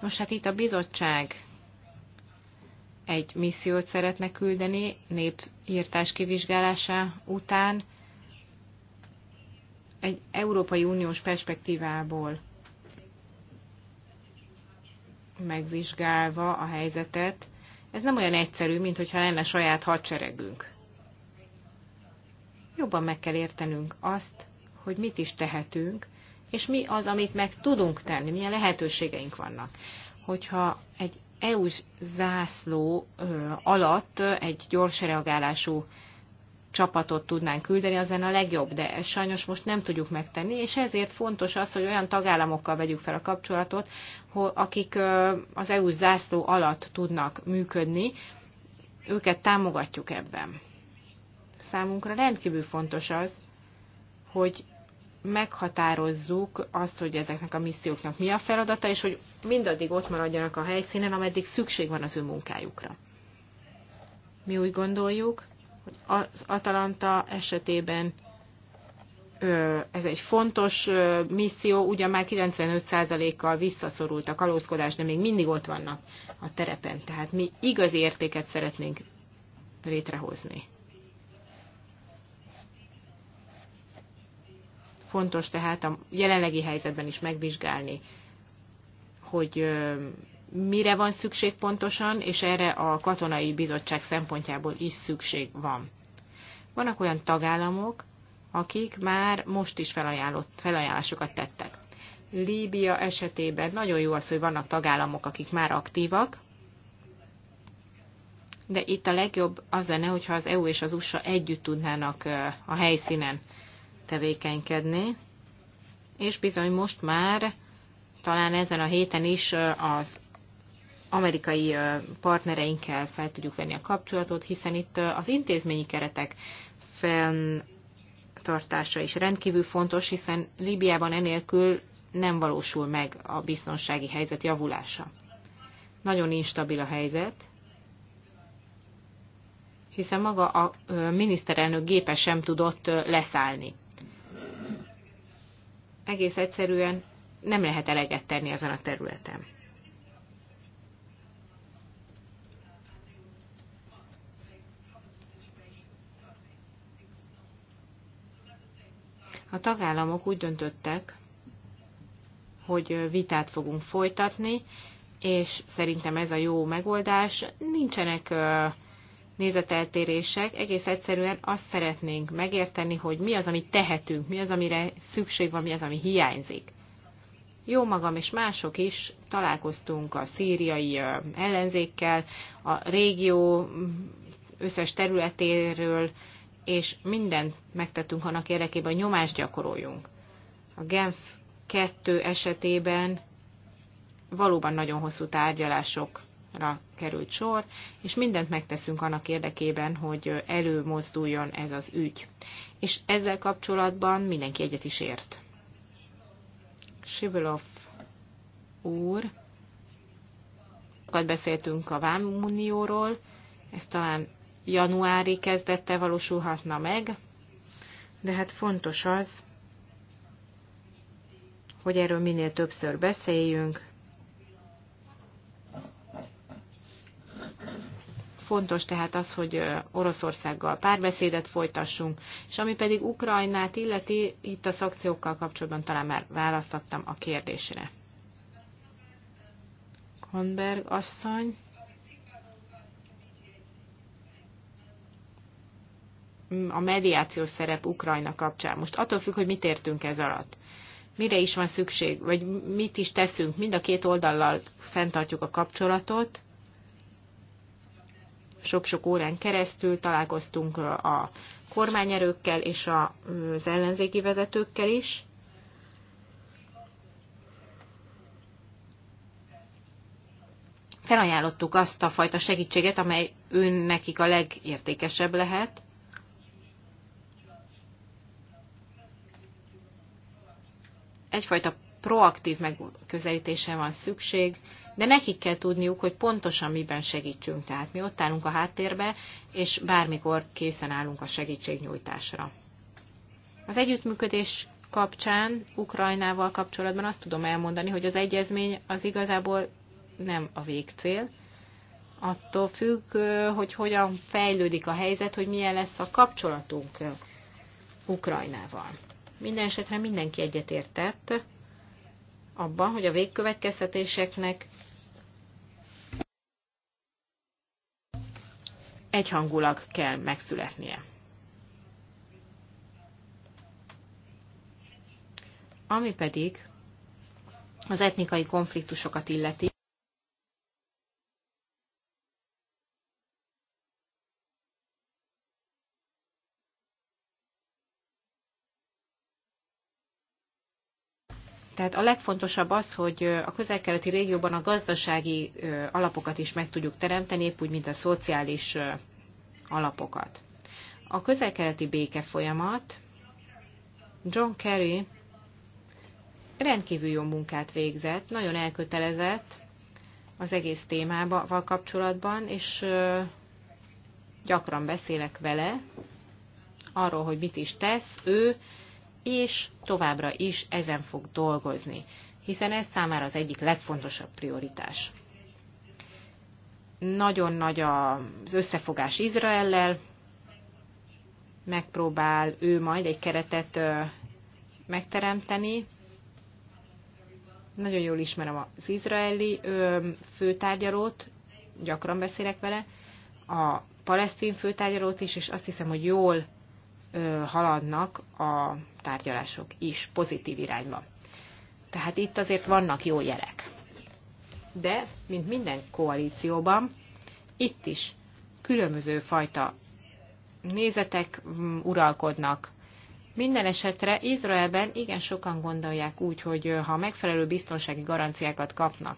Speaker 2: most hát itt a bizottság egy missziót szeretne küldeni népírtás kivizsgálása után egy Európai Uniós perspektívából megvizsgálva a helyzetet. Ez nem olyan egyszerű, mint hogyha lenne saját hadseregünk. Jobban meg kell értenünk azt, hogy mit is tehetünk, és mi az, amit meg tudunk tenni, milyen lehetőségeink vannak. Hogyha egy EU-s zászló alatt egy gyors reagálású csapatot tudnánk küldeni, az lenne a legjobb, de ezt sajnos most nem tudjuk megtenni, és ezért fontos az, hogy olyan tagállamokkal vegyük fel a kapcsolatot, akik az EU zászló alatt tudnak működni, őket támogatjuk ebben. Számunkra rendkívül fontos az, hogy meghatározzuk azt, hogy ezeknek a misszióknak mi a feladata, és hogy mindaddig ott maradjanak a helyszínen, ameddig szükség van az ő munkájukra. Mi úgy gondoljuk, hogy az Atalanta esetében ez egy fontos misszió, ugyan már 95%-kal visszaszorult a kalózkodás, de még mindig ott vannak a terepen. Tehát mi igazi értéket szeretnénk létrehozni. Fontos tehát a jelenlegi helyzetben is megvizsgálni, hogy mire van szükség pontosan, és erre a katonai bizottság szempontjából is szükség van. Vannak olyan tagállamok, akik már most is felajánlott, felajánlásokat tettek. Líbia esetében nagyon jó az, hogy vannak tagállamok, akik már aktívak, de itt a legjobb az lenne, hogyha az EU és az USA együtt tudnának a helyszínen tevékenykedni, és bizony most már talán ezen a héten is az amerikai partnereinkkel fel tudjuk venni a kapcsolatot, hiszen itt az intézményi keretek fenntartása is rendkívül fontos, hiszen Líbiában enélkül nem valósul meg a biztonsági helyzet javulása. Nagyon instabil a helyzet, hiszen maga a miniszterelnök gépe sem tudott leszállni egész egyszerűen nem lehet eleget tenni ezen a területen. A tagállamok úgy döntöttek, hogy vitát fogunk folytatni, és szerintem ez a jó megoldás. Nincsenek nézeteltérések, egész egyszerűen azt szeretnénk megérteni, hogy mi az, amit tehetünk, mi az, amire szükség van, mi az, ami hiányzik. Jó magam és mások is találkoztunk a szíriai ellenzékkel, a régió összes területéről, és mindent megtettünk annak érdekében, hogy nyomást gyakoroljunk. A Genf 2 esetében valóban nagyon hosszú tárgyalások ra került sor, és mindent megteszünk annak érdekében, hogy előmozduljon ez az ügy. És ezzel kapcsolatban mindenki egyet is ért. Sivilov úr, sokat beszéltünk a Vámunióról, ez talán januári kezdette valósulhatna meg, de hát fontos az, hogy erről minél többször beszéljünk, Fontos tehát az, hogy Oroszországgal párbeszédet folytassunk, és ami pedig Ukrajnát illeti, itt a szakciókkal kapcsolatban talán már választottam a kérdésre. Honberg asszony. A mediációs szerep Ukrajna kapcsán. Most attól függ, hogy mit értünk ez alatt mire is van szükség, vagy mit is teszünk. Mind a két oldallal fenntartjuk a kapcsolatot, sok-sok órán keresztül találkoztunk a kormányerőkkel és az ellenzéki vezetőkkel is. Felajánlottuk azt a fajta segítséget, amely ön nekik a legértékesebb lehet. Egyfajta proaktív megközelítése van szükség, de nekik kell tudniuk, hogy pontosan miben segítsünk. Tehát mi ott állunk a háttérbe, és bármikor készen állunk a segítségnyújtásra. Az együttműködés kapcsán, Ukrajnával kapcsolatban azt tudom elmondani, hogy az egyezmény az igazából nem a végcél. Attól függ, hogy hogyan fejlődik a helyzet, hogy milyen lesz a kapcsolatunk Ukrajnával. Minden esetre mindenki egyetértett abban, hogy a végkövetkeztetéseknek egyhangulag kell megszületnie. Ami pedig az etnikai konfliktusokat illeti, Tehát a legfontosabb az, hogy a közel-keleti régióban a gazdasági alapokat is meg tudjuk teremteni, épp úgy, mint a szociális alapokat. A közel-keleti béke folyamat John Kerry rendkívül jó munkát végzett, nagyon elkötelezett az egész témával kapcsolatban, és gyakran beszélek vele arról, hogy mit is tesz ő, és továbbra is ezen fog dolgozni, hiszen ez számára az egyik legfontosabb prioritás. Nagyon nagy az összefogás Izraellel, megpróbál ő majd egy keretet megteremteni. Nagyon jól ismerem az izraeli főtárgyalót, gyakran beszélek vele, a palesztin főtárgyalót is, és azt hiszem, hogy jól haladnak a tárgyalások is pozitív irányba. Tehát itt azért vannak jó jelek. De, mint minden koalícióban, itt is különböző fajta nézetek mm, uralkodnak. Minden esetre Izraelben igen sokan gondolják úgy, hogy ha megfelelő biztonsági garanciákat kapnak,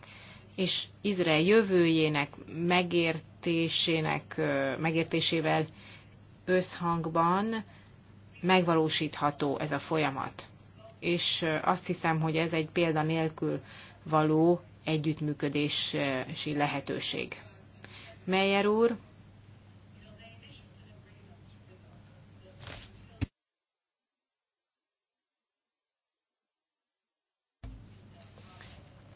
Speaker 2: és Izrael jövőjének megértésének, megértésével összhangban megvalósítható ez a folyamat. És azt hiszem, hogy ez egy példa nélkül való együttműködési lehetőség. Meyer úr,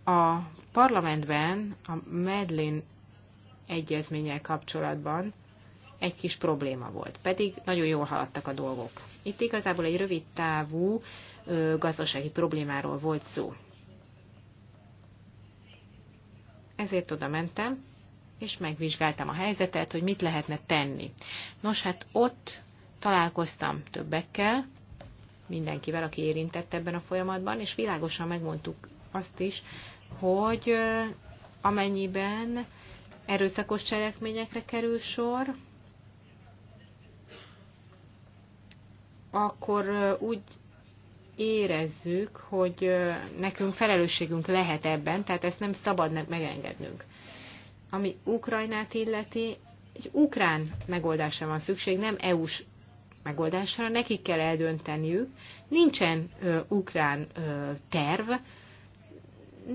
Speaker 2: a parlamentben a Medlin egyezménnyel kapcsolatban egy kis probléma volt, pedig nagyon jól haladtak a dolgok. Itt igazából egy rövid távú gazdasági problémáról volt szó. Ezért oda mentem, és megvizsgáltam a helyzetet, hogy mit lehetne tenni. Nos, hát ott találkoztam többekkel, mindenkivel, aki érintett ebben a folyamatban, és világosan megmondtuk azt is, hogy amennyiben erőszakos cselekményekre kerül sor, akkor úgy érezzük, hogy nekünk felelősségünk lehet ebben, tehát ezt nem szabad megengednünk. Ami Ukrajnát illeti, egy ukrán megoldásra van szükség, nem EU-s megoldásra, nekik kell eldönteniük. Nincsen ö, ukrán ö, terv,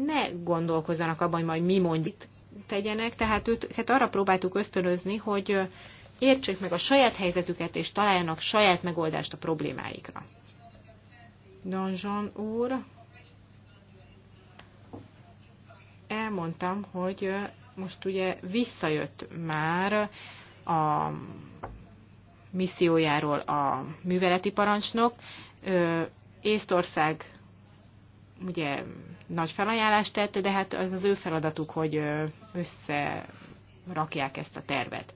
Speaker 2: ne gondolkozzanak abban, hogy majd mi mondjuk tegyenek, tehát őket hát arra próbáltuk ösztönözni, hogy értsék meg a saját helyzetüket, és találjanak saját megoldást a problémáikra. Donjon úr, elmondtam, hogy most ugye visszajött már a missziójáról a műveleti parancsnok. Észtország ugye nagy felajánlást tette, de hát az az ő feladatuk, hogy összerakják ezt a tervet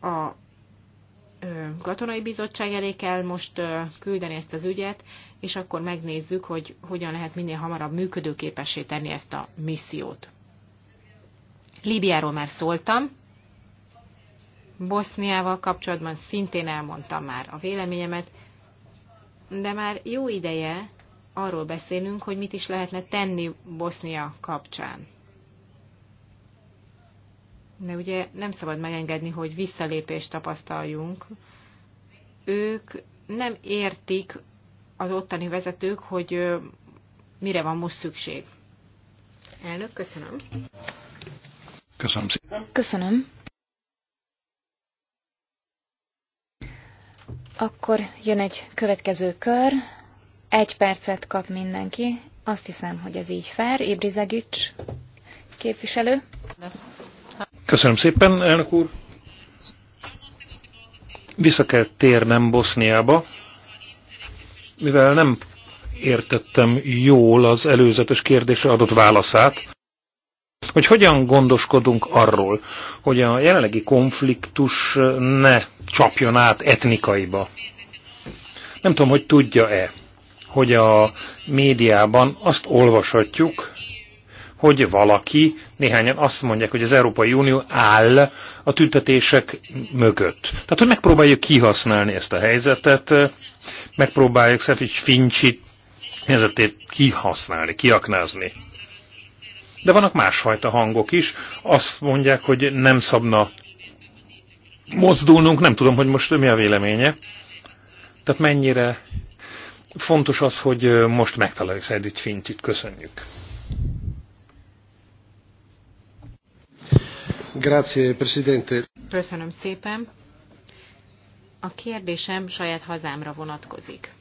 Speaker 2: a katonai bizottság elé kell most küldeni ezt az ügyet, és akkor megnézzük, hogy hogyan lehet minél hamarabb működőképessé tenni ezt a missziót. Líbiáról már szóltam, Boszniával kapcsolatban szintén elmondtam már a véleményemet, de már jó ideje arról beszélünk, hogy mit is lehetne tenni Bosznia kapcsán de ugye nem szabad megengedni, hogy visszalépést tapasztaljunk. Ők nem értik az ottani vezetők, hogy mire van most szükség. Elnök, köszönöm.
Speaker 1: Köszönöm
Speaker 3: szépen. Köszönöm. Akkor jön egy következő kör. Egy percet kap mindenki. Azt hiszem, hogy ez így fair. Ébrizegics
Speaker 2: képviselő. De.
Speaker 1: Köszönöm szépen, elnök úr. Vissza kell térnem Boszniába, mivel nem értettem jól az előzetes kérdésre adott válaszát, hogy hogyan gondoskodunk arról, hogy a jelenlegi konfliktus ne csapjon át etnikaiba. Nem tudom, hogy tudja-e, hogy a médiában azt olvashatjuk, hogy valaki, néhányan azt mondják, hogy az Európai Unió áll a tüntetések mögött. Tehát, hogy megpróbáljuk kihasználni ezt a helyzetet, megpróbáljuk Szefics Fincsi helyzetét kihasználni, kiaknázni. De vannak másfajta hangok is. Azt mondják, hogy nem szabna mozdulnunk, nem tudom, hogy most mi a véleménye. Tehát mennyire fontos az, hogy most megtaláljuk Szedics Fincsit. Köszönjük.
Speaker 2: Köszönöm szépen. A kérdésem saját hazámra vonatkozik.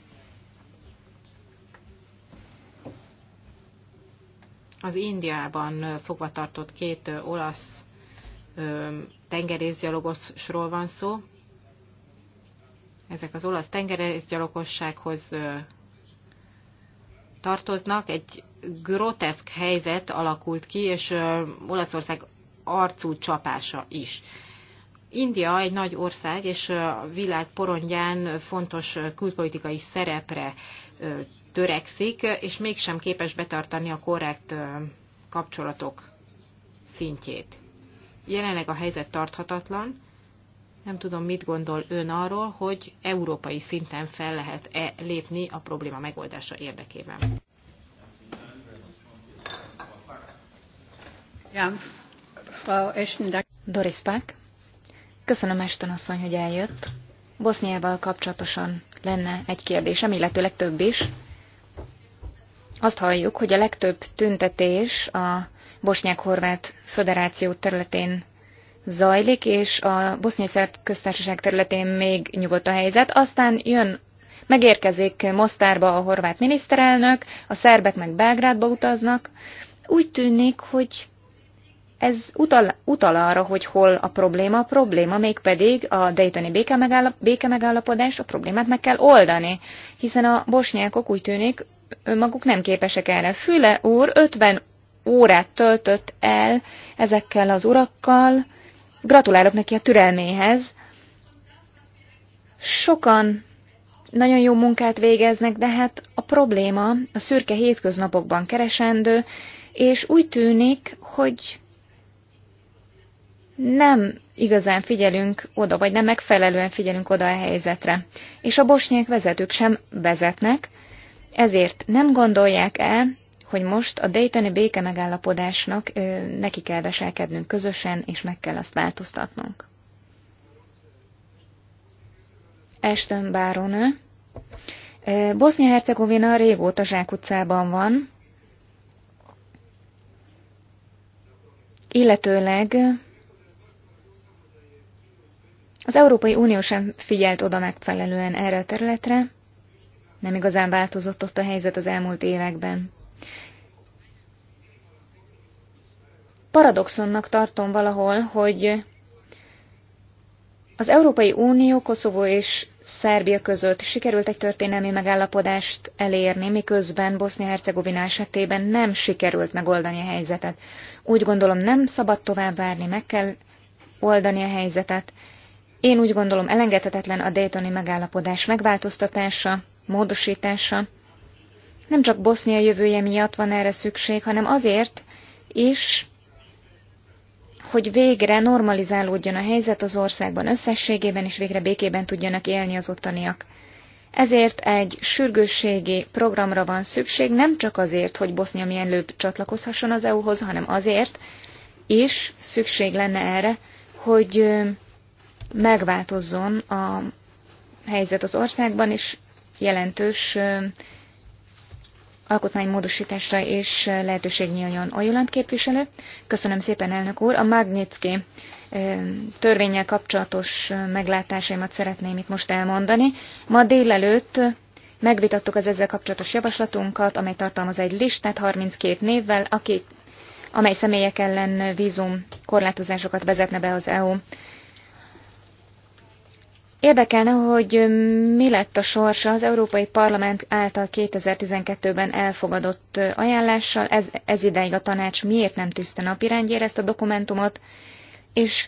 Speaker 2: Az Indiában fogvatartott két olasz tengerészgyalogosról van szó. Ezek az olasz tengerészgyalogossághoz tartoznak. Egy groteszk helyzet alakult ki, és Olaszország arcú csapása is. India egy nagy ország, és a világ porondján fontos külpolitikai szerepre törekszik, és mégsem képes betartani a korrekt kapcsolatok szintjét. Jelenleg a helyzet tarthatatlan, nem tudom, mit gondol ön arról, hogy európai szinten fel lehet-e lépni a probléma megoldása érdekében. Ja,
Speaker 3: Doris Pak, Köszönöm, Esten asszony, hogy eljött. Boszniával kapcsolatosan lenne egy kérdésem, illetőleg több is. Azt halljuk, hogy a legtöbb tüntetés a Bosnyák-Horvát Föderáció területén zajlik, és a boszniai szerb köztársaság területén még nyugodt a helyzet. Aztán jön, megérkezik Mostárba a horvát miniszterelnök, a szerbek meg Belgrádba utaznak. Úgy tűnik, hogy ez utal, utal arra, hogy hol a probléma. A probléma mégpedig a Daytoni megállapodás a problémát meg kell oldani, hiszen a bosnyákok úgy tűnik, önmaguk nem képesek erre. Füle úr 50 órát töltött el ezekkel az urakkal. Gratulálok neki a türelméhez. Sokan nagyon jó munkát végeznek, de hát a probléma a szürke hétköznapokban keresendő, és úgy tűnik, hogy nem igazán figyelünk oda, vagy nem megfelelően figyelünk oda a helyzetre. És a bosnyák vezetők sem vezetnek, ezért nem gondolják el, hogy most a Daytoni béke megállapodásnak ö, neki kell veselkednünk közösen, és meg kell azt változtatnunk. Ashton Báronő. Bosznia-Hercegovina régóta zsákutcában van, illetőleg az Európai Unió sem figyelt oda megfelelően erre a területre, nem igazán változott ott a helyzet az elmúlt években. Paradoxonnak tartom valahol, hogy az Európai Unió, Koszovó és Szerbia között sikerült egy történelmi megállapodást elérni, miközben Bosznia-Hercegovina esetében nem sikerült megoldani a helyzetet. Úgy gondolom nem szabad tovább várni, meg kell oldani a helyzetet, én úgy gondolom elengedhetetlen a Daytoni megállapodás megváltoztatása, módosítása. Nem csak Bosznia jövője miatt van erre szükség, hanem azért is, hogy végre normalizálódjon a helyzet az országban összességében, és végre békében tudjanak élni az ottaniak. Ezért egy sürgősségi programra van szükség, nem csak azért, hogy Bosznia mielőbb csatlakozhasson az EU-hoz, hanem azért is szükség lenne erre, hogy megváltozzon a helyzet az országban, és jelentős alkotmánymódosításra és lehetőség nyíljon Ojuland képviselő. Köszönöm szépen, elnök úr. A Magnitsky törvényel kapcsolatos meglátásaimat szeretném itt most elmondani. Ma délelőtt megvitattuk az ezzel kapcsolatos javaslatunkat, amely tartalmaz egy listát 32 névvel, akik amely személyek ellen vízum korlátozásokat vezetne be az EU. Érdekelne, hogy mi lett a sorsa az Európai Parlament által 2012-ben elfogadott ajánlással, ez, ez ideig a tanács miért nem tűzte napirendjére ezt a dokumentumot, és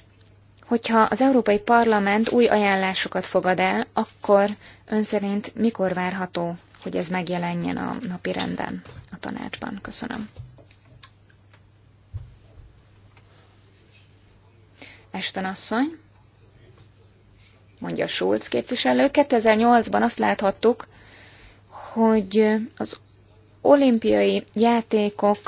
Speaker 3: hogyha az Európai Parlament új ajánlásokat fogad el, akkor ön szerint mikor várható, hogy ez megjelenjen a napirenden a tanácsban? Köszönöm. Esten asszony mondja Schulz képviselő. 2008-ban azt láthattuk, hogy az olimpiai játékok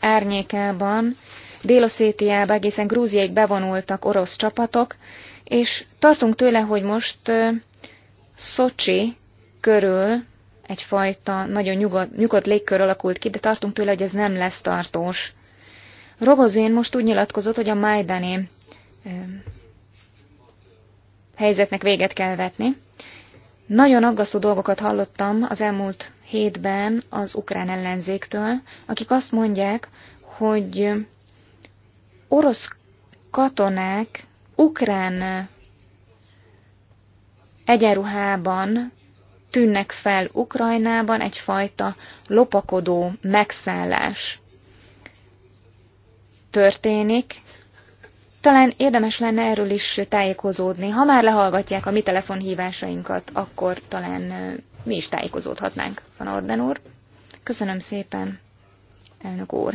Speaker 3: árnyékában Délosszétiába egészen Grúziáig bevonultak orosz csapatok, és tartunk tőle, hogy most Szocsi körül egyfajta nagyon nyugod, nyugodt légkör alakult ki, de tartunk tőle, hogy ez nem lesz tartós. Rogozén most úgy nyilatkozott, hogy a majdani helyzetnek véget kell vetni. Nagyon aggasztó dolgokat hallottam az elmúlt hétben az ukrán ellenzéktől, akik azt mondják, hogy orosz katonák ukrán egyenruhában tűnnek fel Ukrajnában egyfajta lopakodó megszállás történik, talán érdemes lenne erről is tájékozódni. Ha már lehallgatják a mi telefonhívásainkat, akkor talán mi is tájékozódhatnánk, van Orden úr. Köszönöm szépen, elnök úr.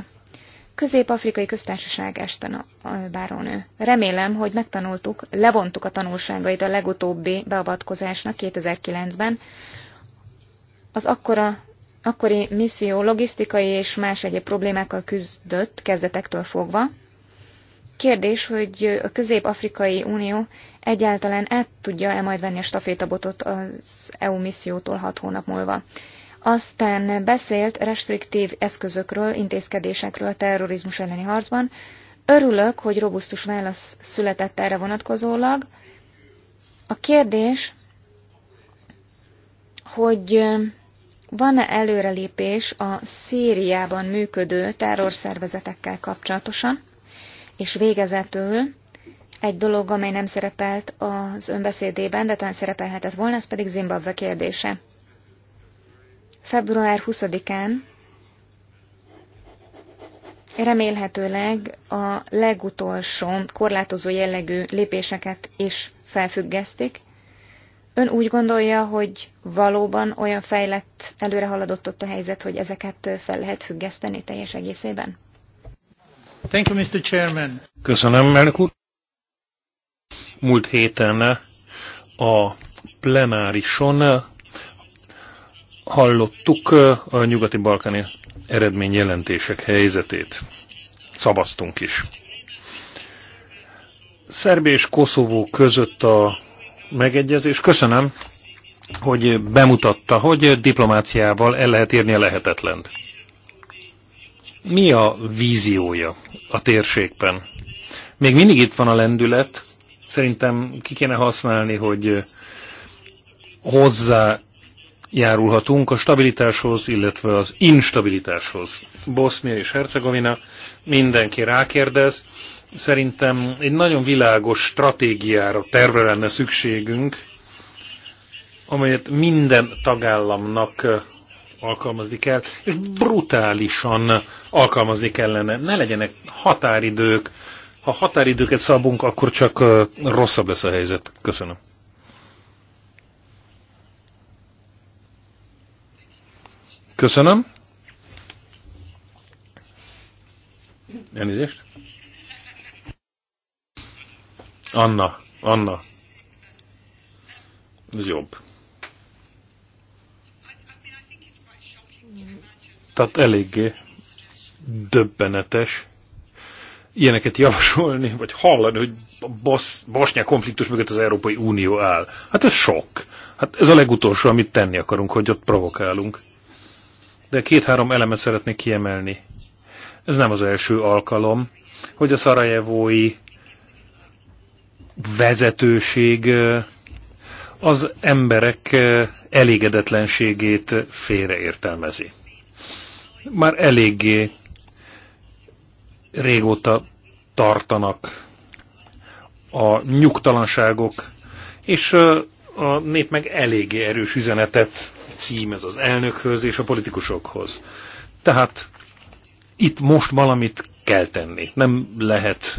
Speaker 3: Közép-Afrikai Köztársaság Esten bárónő. Remélem, hogy megtanultuk, levontuk a tanulságait a legutóbbi beavatkozásnak 2009-ben. Az akkora, akkori misszió logisztikai és más egyéb problémákkal küzdött kezdetektől fogva, Kérdés, hogy a Közép-Afrikai Unió egyáltalán át tudja-e majd venni a stafétabotot az EU missziótól hat hónap múlva. Aztán beszélt restriktív eszközökről, intézkedésekről a terrorizmus elleni harcban. Örülök, hogy robusztus válasz született erre vonatkozólag. A kérdés, hogy van-e előrelépés a Szíriában működő terrorszervezetekkel kapcsolatosan, és végezetül egy dolog, amely nem szerepelt az önbeszédében, de talán szerepelhetett volna, ez pedig Zimbabwe kérdése. Február 20-án remélhetőleg a legutolsó korlátozó jellegű lépéseket is felfüggesztik. Ön úgy gondolja, hogy valóban olyan fejlett, előrehaladott ott a helyzet, hogy ezeket fel lehet függeszteni teljes egészében?
Speaker 1: Thank you, Mr. Chairman. Köszönöm, elnök úr. Múlt héten a plenárison hallottuk a nyugati balkáni eredményjelentések helyzetét. Szavaztunk is. Szerbia és Koszovó között a megegyezés. Köszönöm, hogy bemutatta, hogy diplomáciával el lehet érni a lehetetlent mi a víziója a térségben? Még mindig itt van a lendület, szerintem ki kéne használni, hogy hozzá járulhatunk a stabilitáshoz, illetve az instabilitáshoz. Bosznia és Hercegovina, mindenki rákérdez. Szerintem egy nagyon világos stratégiára, tervre lenne szükségünk, amelyet minden tagállamnak alkalmazni kell, és brutálisan alkalmazni kellene. Ne legyenek határidők. Ha határidőket szabunk, akkor csak rosszabb lesz a helyzet. Köszönöm. Köszönöm. Elnézést. Anna, Anna. Ez jobb. Tehát eléggé döbbenetes ilyeneket javasolni, vagy hallani, hogy a basz, Bosnyák konfliktus mögött az Európai Unió áll. Hát ez sok. Hát ez a legutolsó, amit tenni akarunk, hogy ott provokálunk. De két-három elemet szeretnék kiemelni. Ez nem az első alkalom, hogy a szarajevói vezetőség az emberek elégedetlenségét félreértelmezi már eléggé régóta tartanak a nyugtalanságok, és a nép meg eléggé erős üzenetet címez az elnökhöz és a politikusokhoz. Tehát itt most valamit kell tenni. Nem lehet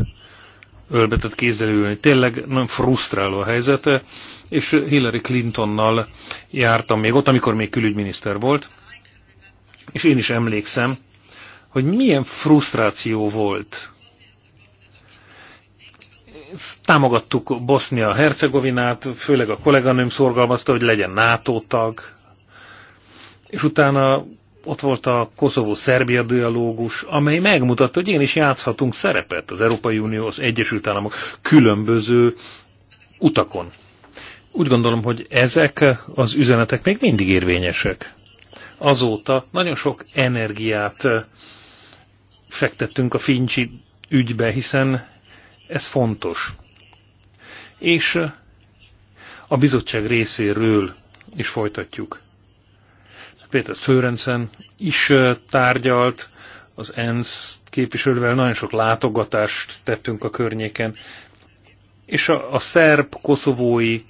Speaker 1: ölbetett kézzel ülni. Tényleg nem frusztráló a helyzete, és Hillary Clintonnal jártam még ott, amikor még külügyminiszter volt, és én is emlékszem, hogy milyen frusztráció volt. Támogattuk Bosznia-Hercegovinát, főleg a kolléganőm szorgalmazta, hogy legyen NATO tag, és utána ott volt a Koszovó-Szerbia dialógus, amely megmutatta, hogy igenis játszhatunk szerepet az Európai Unió, az Egyesült Államok különböző utakon. Úgy gondolom, hogy ezek az üzenetek még mindig érvényesek azóta nagyon sok energiát eh, fektettünk a fincsi ügybe, hiszen ez fontos. És eh, a bizottság részéről is folytatjuk. Péter Szőrensen is eh, tárgyalt, az ENSZ képviselővel nagyon sok látogatást tettünk a környéken, és a, a szerb, koszovói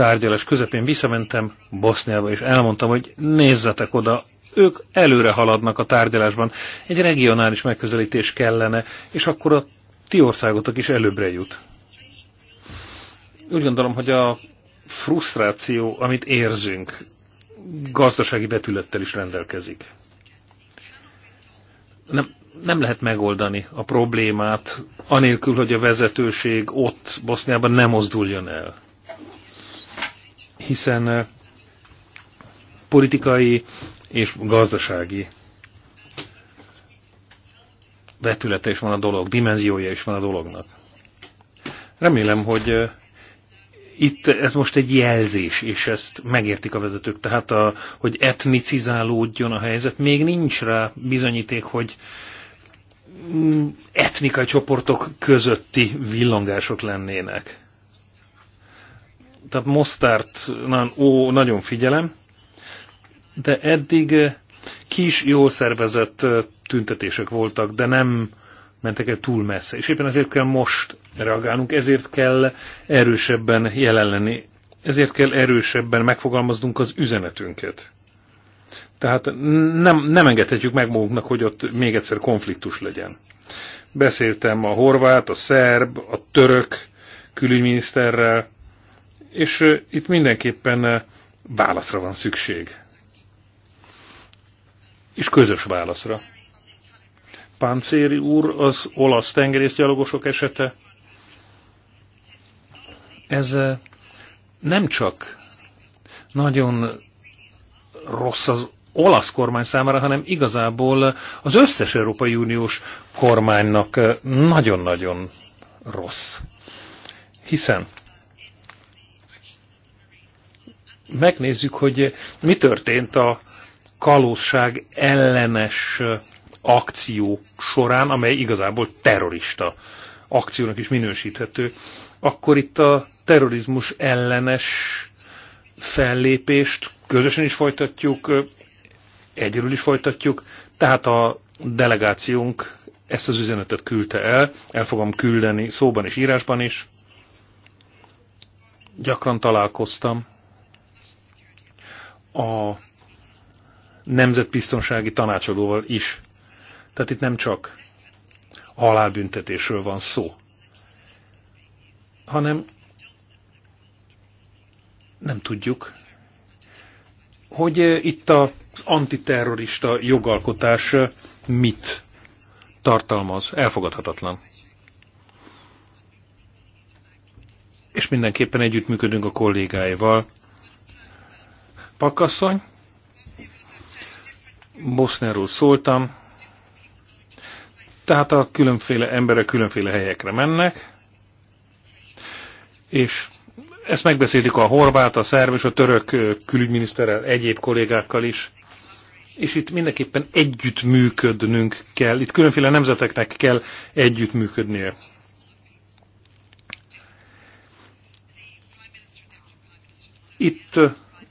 Speaker 1: tárgyalás közepén visszamentem Boszniába, és elmondtam, hogy nézzetek oda, ők előre haladnak a tárgyalásban, egy regionális megközelítés kellene, és akkor a ti országotok is előbbre jut. Úgy gondolom, hogy a frusztráció, amit érzünk, gazdasági betülettel is rendelkezik. Nem, nem lehet megoldani a problémát, anélkül, hogy a vezetőség ott, Boszniában nem mozduljon el hiszen politikai és gazdasági vetülete is van a dolog, dimenziója is van a dolognak. Remélem, hogy itt ez most egy jelzés, és ezt megértik a vezetők. Tehát, a, hogy etnicizálódjon a helyzet, még nincs rá bizonyíték, hogy mm, etnikai csoportok közötti villangások lennének tehát Mostárt ó, nagyon figyelem, de eddig eh, kis, jól szervezett eh, tüntetések voltak, de nem mentek el túl messze. És éppen ezért kell most reagálnunk, ezért kell erősebben jelen lenni, ezért kell erősebben megfogalmaznunk az üzenetünket. Tehát nem, nem engedhetjük meg magunknak, hogy ott még egyszer konfliktus legyen. Beszéltem a horvát, a szerb, a török külügyminiszterrel, és itt mindenképpen válaszra van szükség. És közös válaszra. Páncéri úr, az olasz tengerészgyalogosok esete, ez nem csak nagyon rossz az olasz kormány számára, hanem igazából az összes Európai Uniós kormánynak nagyon-nagyon rossz. Hiszen megnézzük, hogy mi történt a kalózság ellenes akció során, amely igazából terrorista akciónak is minősíthető, akkor itt a terrorizmus ellenes fellépést közösen is folytatjuk, egyről is folytatjuk, tehát a delegációnk ezt az üzenetet küldte el, el fogom küldeni szóban és írásban is. Gyakran találkoztam a nemzetbiztonsági tanácsadóval is. Tehát itt nem csak halálbüntetésről van szó, hanem nem tudjuk, hogy itt az antiterrorista jogalkotás mit tartalmaz. Elfogadhatatlan. És mindenképpen együttműködünk a kollégáival, Pakasszony. Bosznerról szóltam. Tehát a különféle emberek különféle helyekre mennek, és ezt megbeszélik a horvát, a szerv és a török külügyminiszterrel, egyéb kollégákkal is. És itt mindenképpen együttműködnünk kell, itt különféle nemzeteknek kell együttműködnie. Itt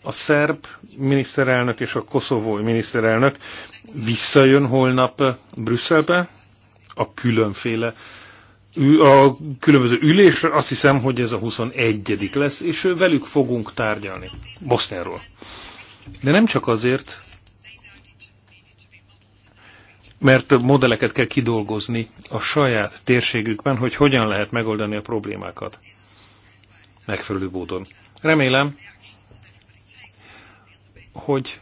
Speaker 1: a szerb miniszterelnök és a koszovói miniszterelnök visszajön holnap Brüsszelbe a különféle a különböző ülésre, azt hiszem, hogy ez a 21 lesz, és velük fogunk tárgyalni Boszniáról. De nem csak azért, mert modelleket kell kidolgozni a saját térségükben, hogy hogyan lehet megoldani a problémákat megfelelő módon. Remélem, hogy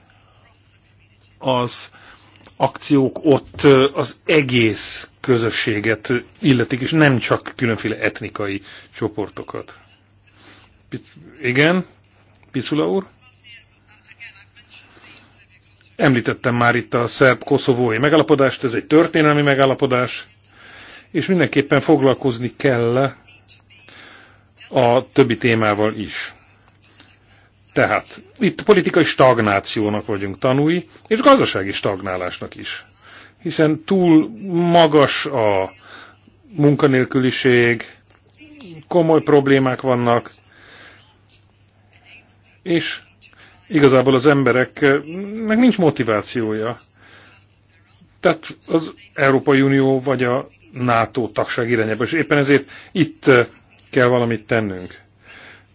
Speaker 1: az akciók ott az egész közösséget illetik, és nem csak különféle etnikai csoportokat. Igen, Piszula úr? Említettem már itt a szerb-koszovói megállapodást, ez egy történelmi megállapodás, és mindenképpen foglalkozni kell a többi témával is. Tehát itt politikai stagnációnak vagyunk tanúi, és gazdasági stagnálásnak is. Hiszen túl magas a munkanélküliség, komoly problémák vannak, és igazából az embereknek eh, nincs motivációja. Tehát az Európai Unió vagy a NATO tagság irányába, és éppen ezért itt eh, kell valamit tennünk.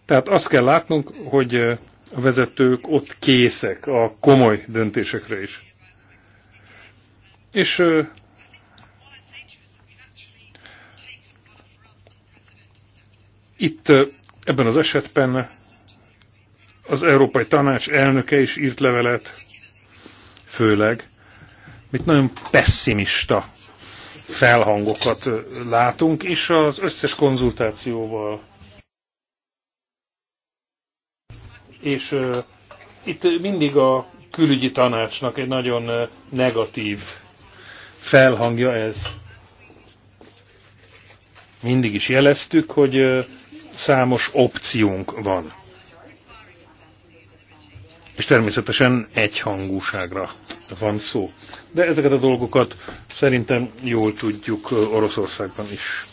Speaker 1: Tehát azt kell látnunk, hogy eh, a vezetők ott készek a komoly döntésekre is. És itt ebben az esetben az Európai Tanács elnöke is írt levelet, főleg, mit nagyon pessimista felhangokat látunk, és az összes konzultációval És uh, itt mindig a külügyi tanácsnak egy nagyon uh, negatív felhangja ez. Mindig is jeleztük, hogy uh, számos opciónk van. És természetesen egyhangúságra van szó. De ezeket a dolgokat szerintem jól tudjuk Oroszországban is.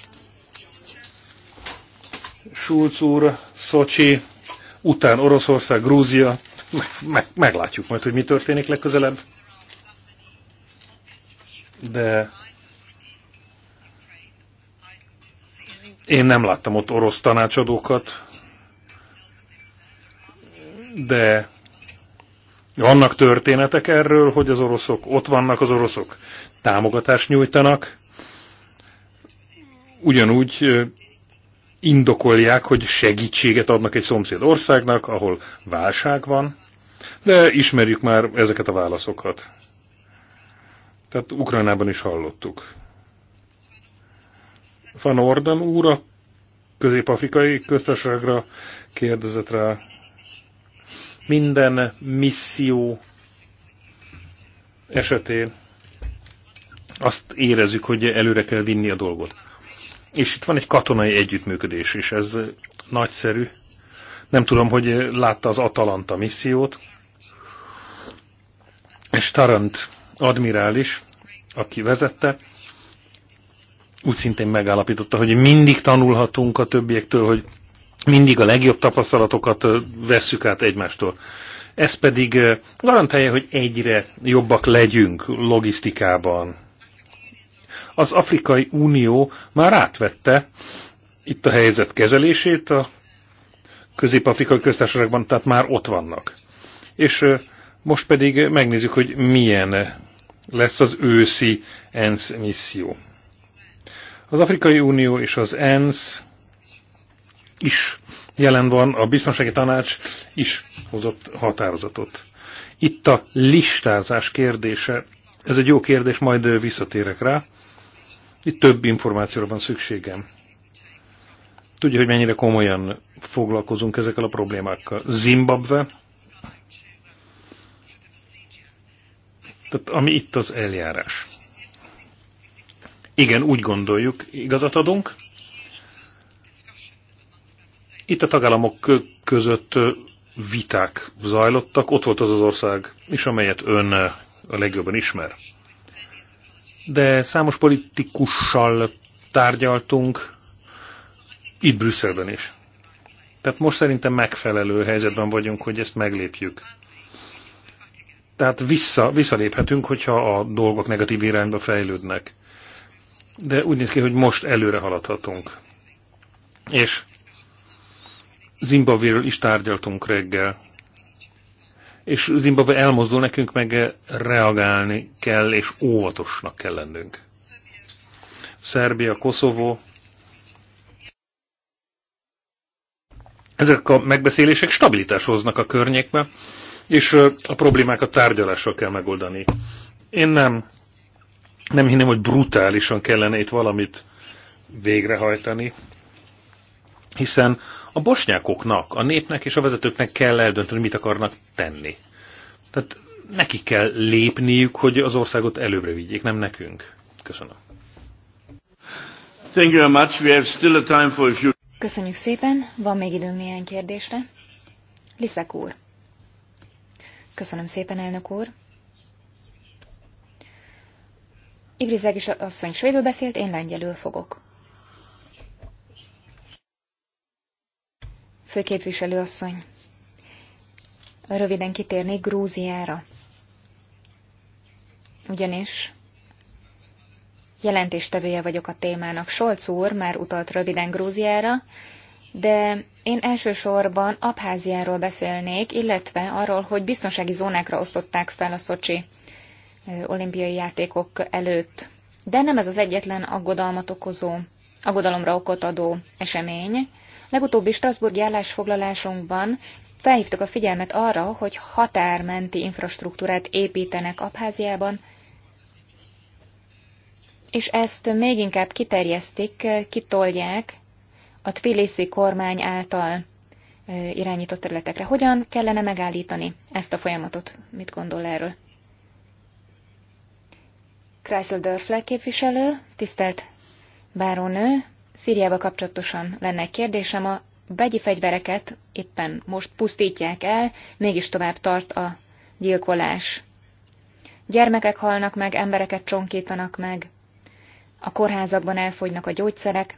Speaker 1: Schulz úr, Szocsi, után Oroszország, Grúzia, meg, meglátjuk majd, hogy mi történik legközelebb. De én nem láttam ott orosz tanácsadókat, de vannak történetek erről, hogy az oroszok ott vannak, az oroszok támogatást nyújtanak, ugyanúgy indokolják, hogy segítséget adnak egy szomszéd országnak, ahol válság van, de ismerjük már ezeket a válaszokat. Tehát Ukrajnában is hallottuk. Van Orden úr a közép-afrikai köztársaságra kérdezett rá. Minden misszió esetén azt érezzük, hogy előre kell vinni a dolgot. És itt van egy katonai együttműködés is, ez nagyszerű. Nem tudom, hogy látta az Atalanta missziót, és Tarant admirális, aki vezette, úgy szintén megállapította, hogy mindig tanulhatunk a többiektől, hogy mindig a legjobb tapasztalatokat vesszük át egymástól. Ez pedig garantálja, hogy egyre jobbak legyünk logisztikában, az Afrikai Unió már átvette itt a helyzet kezelését a Közép-Afrikai Köztársaságban, tehát már ott vannak. És most pedig megnézzük, hogy milyen lesz az őszi ENSZ misszió. Az Afrikai Unió és az ENSZ is jelen van, a Biztonsági Tanács is hozott határozatot. Itt a listázás kérdése, ez egy jó kérdés, majd visszatérek rá. Itt több információra van szükségem. Tudja, hogy mennyire komolyan foglalkozunk ezekkel a problémákkal. Zimbabwe, tehát ami itt az eljárás. Igen, úgy gondoljuk, igazat adunk. Itt a tagállamok között viták zajlottak, ott volt az az ország is, amelyet ön a legjobban ismer de számos politikussal tárgyaltunk itt Brüsszelben is. Tehát most szerintem megfelelő helyzetben vagyunk, hogy ezt meglépjük. Tehát vissza, visszaléphetünk, hogyha a dolgok negatív irányba fejlődnek. De úgy néz ki, hogy most előre haladhatunk. És Zimbabvéről is tárgyaltunk reggel és Zimbabwe elmozdul, nekünk meg reagálni kell, és óvatosnak kell lennünk. Szerbia, Koszovó. Ezek a megbeszélések stabilitás hoznak a környékbe, és a problémákat tárgyalással kell megoldani. Én nem, nem hinném, hogy brutálisan kellene itt valamit végrehajtani, hiszen a bosnyákoknak, a népnek és a vezetőknek kell eldönteni, mit akarnak tenni. Tehát neki kell lépniük, hogy az országot előbbre vigyék, nem nekünk. Köszönöm.
Speaker 2: Thank you very much. We have still a time for a few...
Speaker 3: Köszönjük szépen. Van még időm néhány kérdésre. Liszek úr. Köszönöm szépen, elnök úr. Ibrizeg is asszony svédül beszélt, én lengyelül fogok főképviselő asszony. Röviden kitérnék Grúziára. Ugyanis jelentéstevője vagyok a témának. Solc úr már utalt röviden Grúziára, de én elsősorban Abháziáról beszélnék, illetve arról, hogy biztonsági zónákra osztották fel a Szocsi olimpiai játékok előtt. De nem ez az egyetlen aggodalmat okozó, aggodalomra okot adó esemény. Legutóbbi Strasburgi állásfoglalásunkban felhívtuk a figyelmet arra, hogy határmenti infrastruktúrát építenek Abháziában, és ezt még inkább kiterjesztik, kitolják a Tbilisi kormány által irányított területekre. Hogyan kellene megállítani ezt a folyamatot? Mit gondol erről? Kreisel Dörfle képviselő, tisztelt bárónő, Szíriába kapcsolatosan lenne egy kérdésem. A begyi fegyvereket éppen most pusztítják el, mégis tovább tart a gyilkolás. Gyermekek halnak meg, embereket csonkítanak meg, a kórházakban elfogynak a gyógyszerek.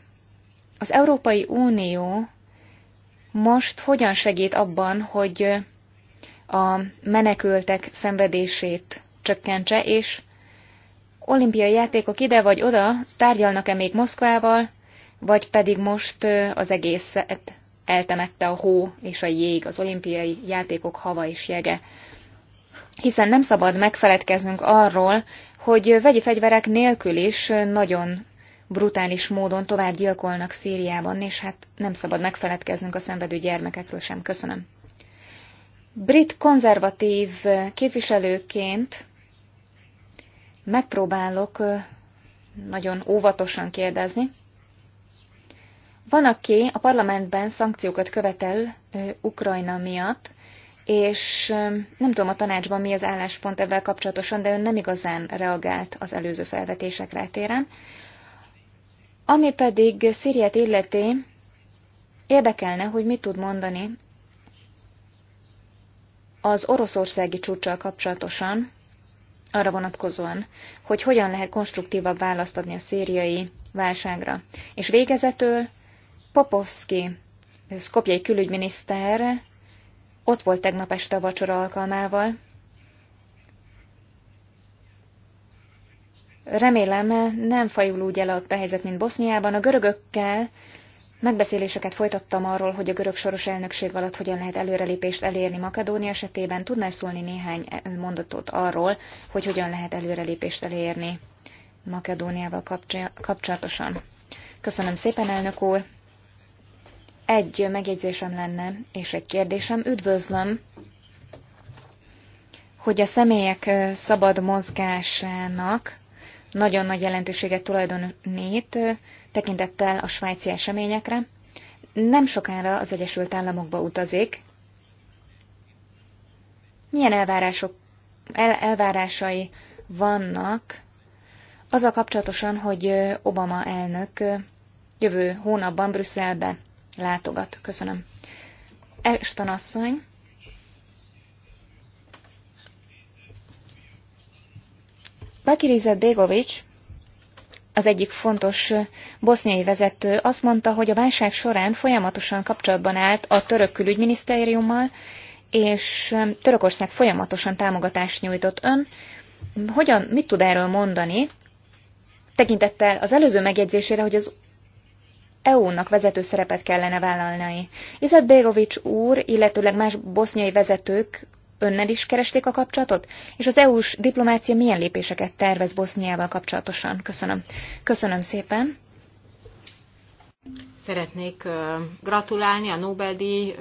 Speaker 3: Az Európai Unió most hogyan segít abban, hogy a menekültek szenvedését csökkentse, és olimpiai játékok ide vagy oda tárgyalnak-e még Moszkvával, vagy pedig most az egészet eltemette a hó és a jég, az olimpiai játékok hava és jege. Hiszen nem szabad megfeledkeznünk arról, hogy vegyi fegyverek nélkül is nagyon brutális módon tovább gyilkolnak Szíriában, és hát nem szabad megfeledkeznünk a szenvedő gyermekekről sem. Köszönöm. Brit konzervatív képviselőként megpróbálok nagyon óvatosan kérdezni, van, aki a parlamentben szankciókat követel Ukrajna miatt, és nem tudom a tanácsban mi az álláspont ebben kapcsolatosan, de ön nem igazán reagált az előző felvetésekre téren. Ami pedig Szíriát illeti, érdekelne, hogy mit tud mondani az oroszországi csúcsal kapcsolatosan, arra vonatkozóan, hogy hogyan lehet konstruktívabb választ adni a szíriai válságra. És végezetül Popovski, szkopjai külügyminiszter, ott volt tegnap este a vacsora alkalmával. Remélem, nem fajul úgy el ott a helyzet, mint Boszniában. A görögökkel megbeszéléseket folytattam arról, hogy a görög soros elnökség alatt hogyan lehet előrelépést elérni Makedónia esetében. Tudná szólni néhány mondatot arról, hogy hogyan lehet előrelépést elérni Makedóniával kapcsolatosan? Köszönöm szépen, elnök úr! Egy megjegyzésem lenne, és egy kérdésem. Üdvözlöm, hogy a személyek szabad mozgásának nagyon nagy jelentőséget tulajdonít tekintettel a svájci eseményekre. Nem sokára az Egyesült Államokba utazik. Milyen elvárások, el, elvárásai vannak azzal kapcsolatosan, hogy Obama elnök jövő hónapban Brüsszelbe látogat. Köszönöm. Eston asszony. Bakirizet Begovic, az egyik fontos boszniai vezető azt mondta, hogy a válság során folyamatosan kapcsolatban állt a török külügyminisztériummal, és Törökország folyamatosan támogatást nyújtott ön. Hogyan, mit tud erről mondani, tekintettel az előző megjegyzésére, hogy az EU-nak vezető szerepet kellene vállalni. Izet Bégovics úr, illetőleg más boszniai vezetők önnel is keresték a kapcsolatot? És az EU-s diplomácia milyen lépéseket tervez Boszniával kapcsolatosan? Köszönöm. Köszönöm szépen.
Speaker 2: Szeretnék gratulálni a Nobel-díj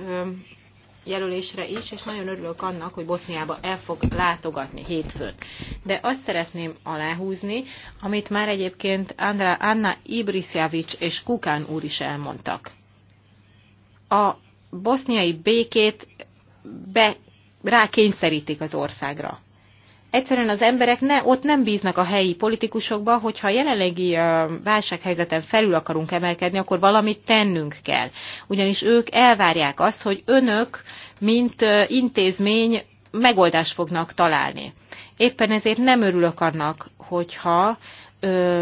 Speaker 2: jelölésre is, és nagyon örülök annak, hogy Boszniába el fog látogatni hétfőn. De azt szeretném aláhúzni, amit már egyébként Andra, Anna Ibrisjavics és Kukán úr is elmondtak. A boszniai békét be, rákényszerítik az országra egyszerűen az emberek ne, ott nem bíznak a helyi politikusokba, hogyha a jelenlegi válsághelyzeten felül akarunk emelkedni, akkor valamit tennünk kell. Ugyanis ők elvárják azt, hogy önök, mint intézmény megoldást fognak találni. Éppen ezért nem örülök annak, hogyha ö,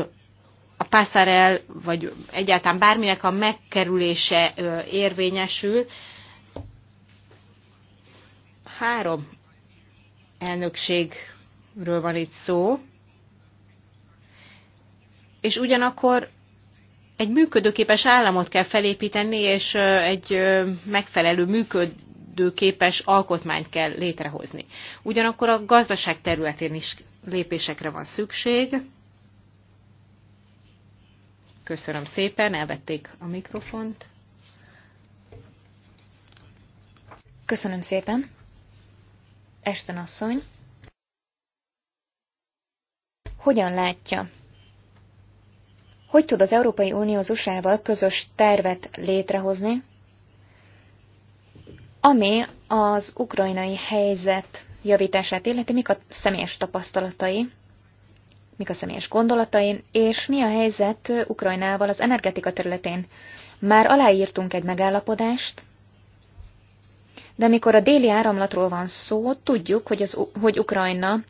Speaker 2: a pászárel, vagy egyáltalán bárminek a megkerülése ö, érvényesül. Három elnökség ről van itt szó, és ugyanakkor egy működőképes államot kell felépíteni, és egy megfelelő működőképes alkotmányt kell létrehozni. Ugyanakkor a gazdaság területén is lépésekre van szükség. Köszönöm szépen, elvették a mikrofont. Köszönöm szépen. Esten asszony.
Speaker 3: Hogyan látja? Hogy tud az Európai Unió az USA-val közös tervet létrehozni, ami az ukrajnai helyzet javítását illeti, mik a személyes tapasztalatai, mik a személyes gondolatai, és mi a helyzet Ukrajnával az energetika területén. Már aláírtunk egy megállapodást, de mikor a déli áramlatról van szó, tudjuk, hogy, az, hogy Ukrajna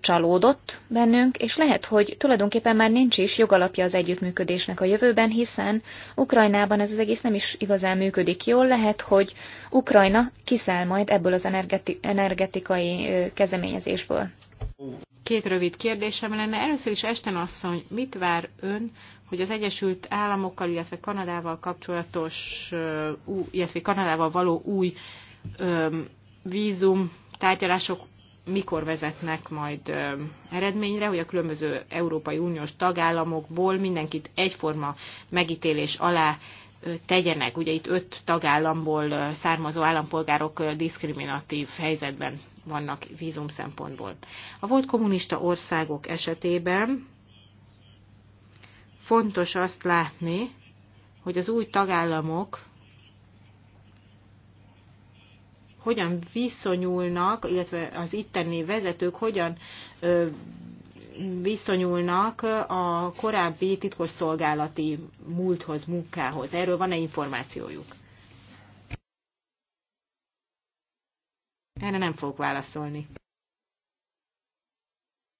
Speaker 3: csalódott bennünk, és lehet, hogy tulajdonképpen már nincs is jogalapja az együttműködésnek a jövőben, hiszen Ukrajnában ez az egész nem is igazán működik jól, lehet, hogy Ukrajna kiszáll majd ebből az energeti- energetikai kezdeményezésből.
Speaker 2: Két rövid kérdésem lenne. Először is Esten asszony, mit vár ön, hogy az Egyesült Államokkal, illetve Kanadával kapcsolatos, illetve Kanadával való új vízum tárgyalások mikor vezetnek majd eredményre, hogy a különböző Európai Uniós tagállamokból mindenkit egyforma megítélés alá tegyenek. Ugye itt öt tagállamból származó állampolgárok diszkriminatív helyzetben vannak vízum szempontból. A volt kommunista országok esetében fontos azt látni, hogy az új tagállamok hogyan viszonyulnak, illetve az itteni vezetők hogyan viszonyulnak a korábbi titkos szolgálati múlthoz, munkához. Erről van-e információjuk? Erre nem fogok válaszolni.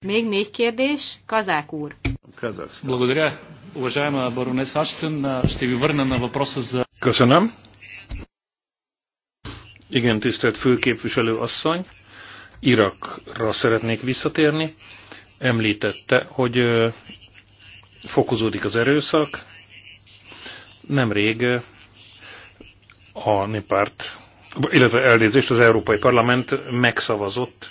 Speaker 2: Még négy kérdés, Kazák úr.
Speaker 1: Köszönöm. Köszönöm. Köszönöm. Köszönöm. Köszönöm. Köszönöm. Köszönöm. Köszönöm. Köszönöm. Köszönöm. Köszönöm. Köszönöm. Igen, tisztelt főképviselő asszony, Irakra szeretnék visszatérni. Említette, hogy fokozódik az erőszak. Nemrég a Népárt, illetve elnézést az Európai Parlament megszavazott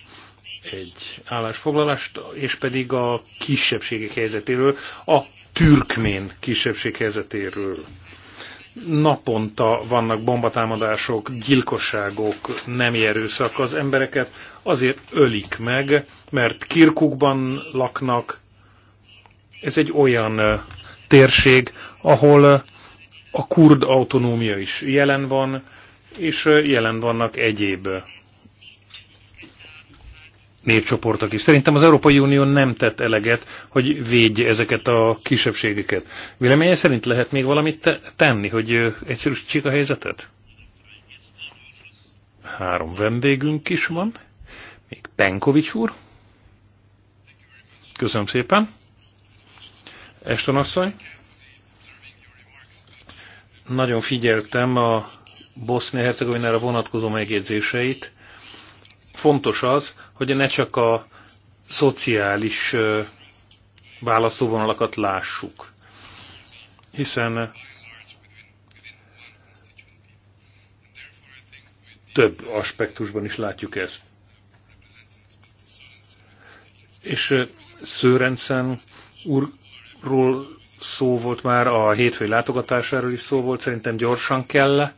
Speaker 1: egy állásfoglalást, és pedig a kisebbségek helyzetéről, a türkmén kisebbség helyzetéről naponta vannak bombatámadások, gyilkosságok, nem erőszak az embereket, azért ölik meg, mert Kirkukban laknak. Ez egy olyan térség, ahol a kurd autonómia is jelen van, és jelen vannak egyéb népcsoportok is. Szerintem az Európai Unió nem tett eleget, hogy védje ezeket a kisebbségeket. Véleménye szerint lehet még valamit tenni, hogy egyszerűsítsék a helyzetet? Három vendégünk is van, még Penkovics úr. Köszönöm szépen. Eston asszony. Nagyon figyeltem a Bosznia-Hercegovinára vonatkozó megjegyzéseit. Fontos az, hogy ne csak a szociális válaszóvonalakat lássuk. Hiszen több aspektusban is látjuk ezt. És Szőrendszen úrról szó volt már, a hétfői látogatásáról is szó volt, szerintem gyorsan kell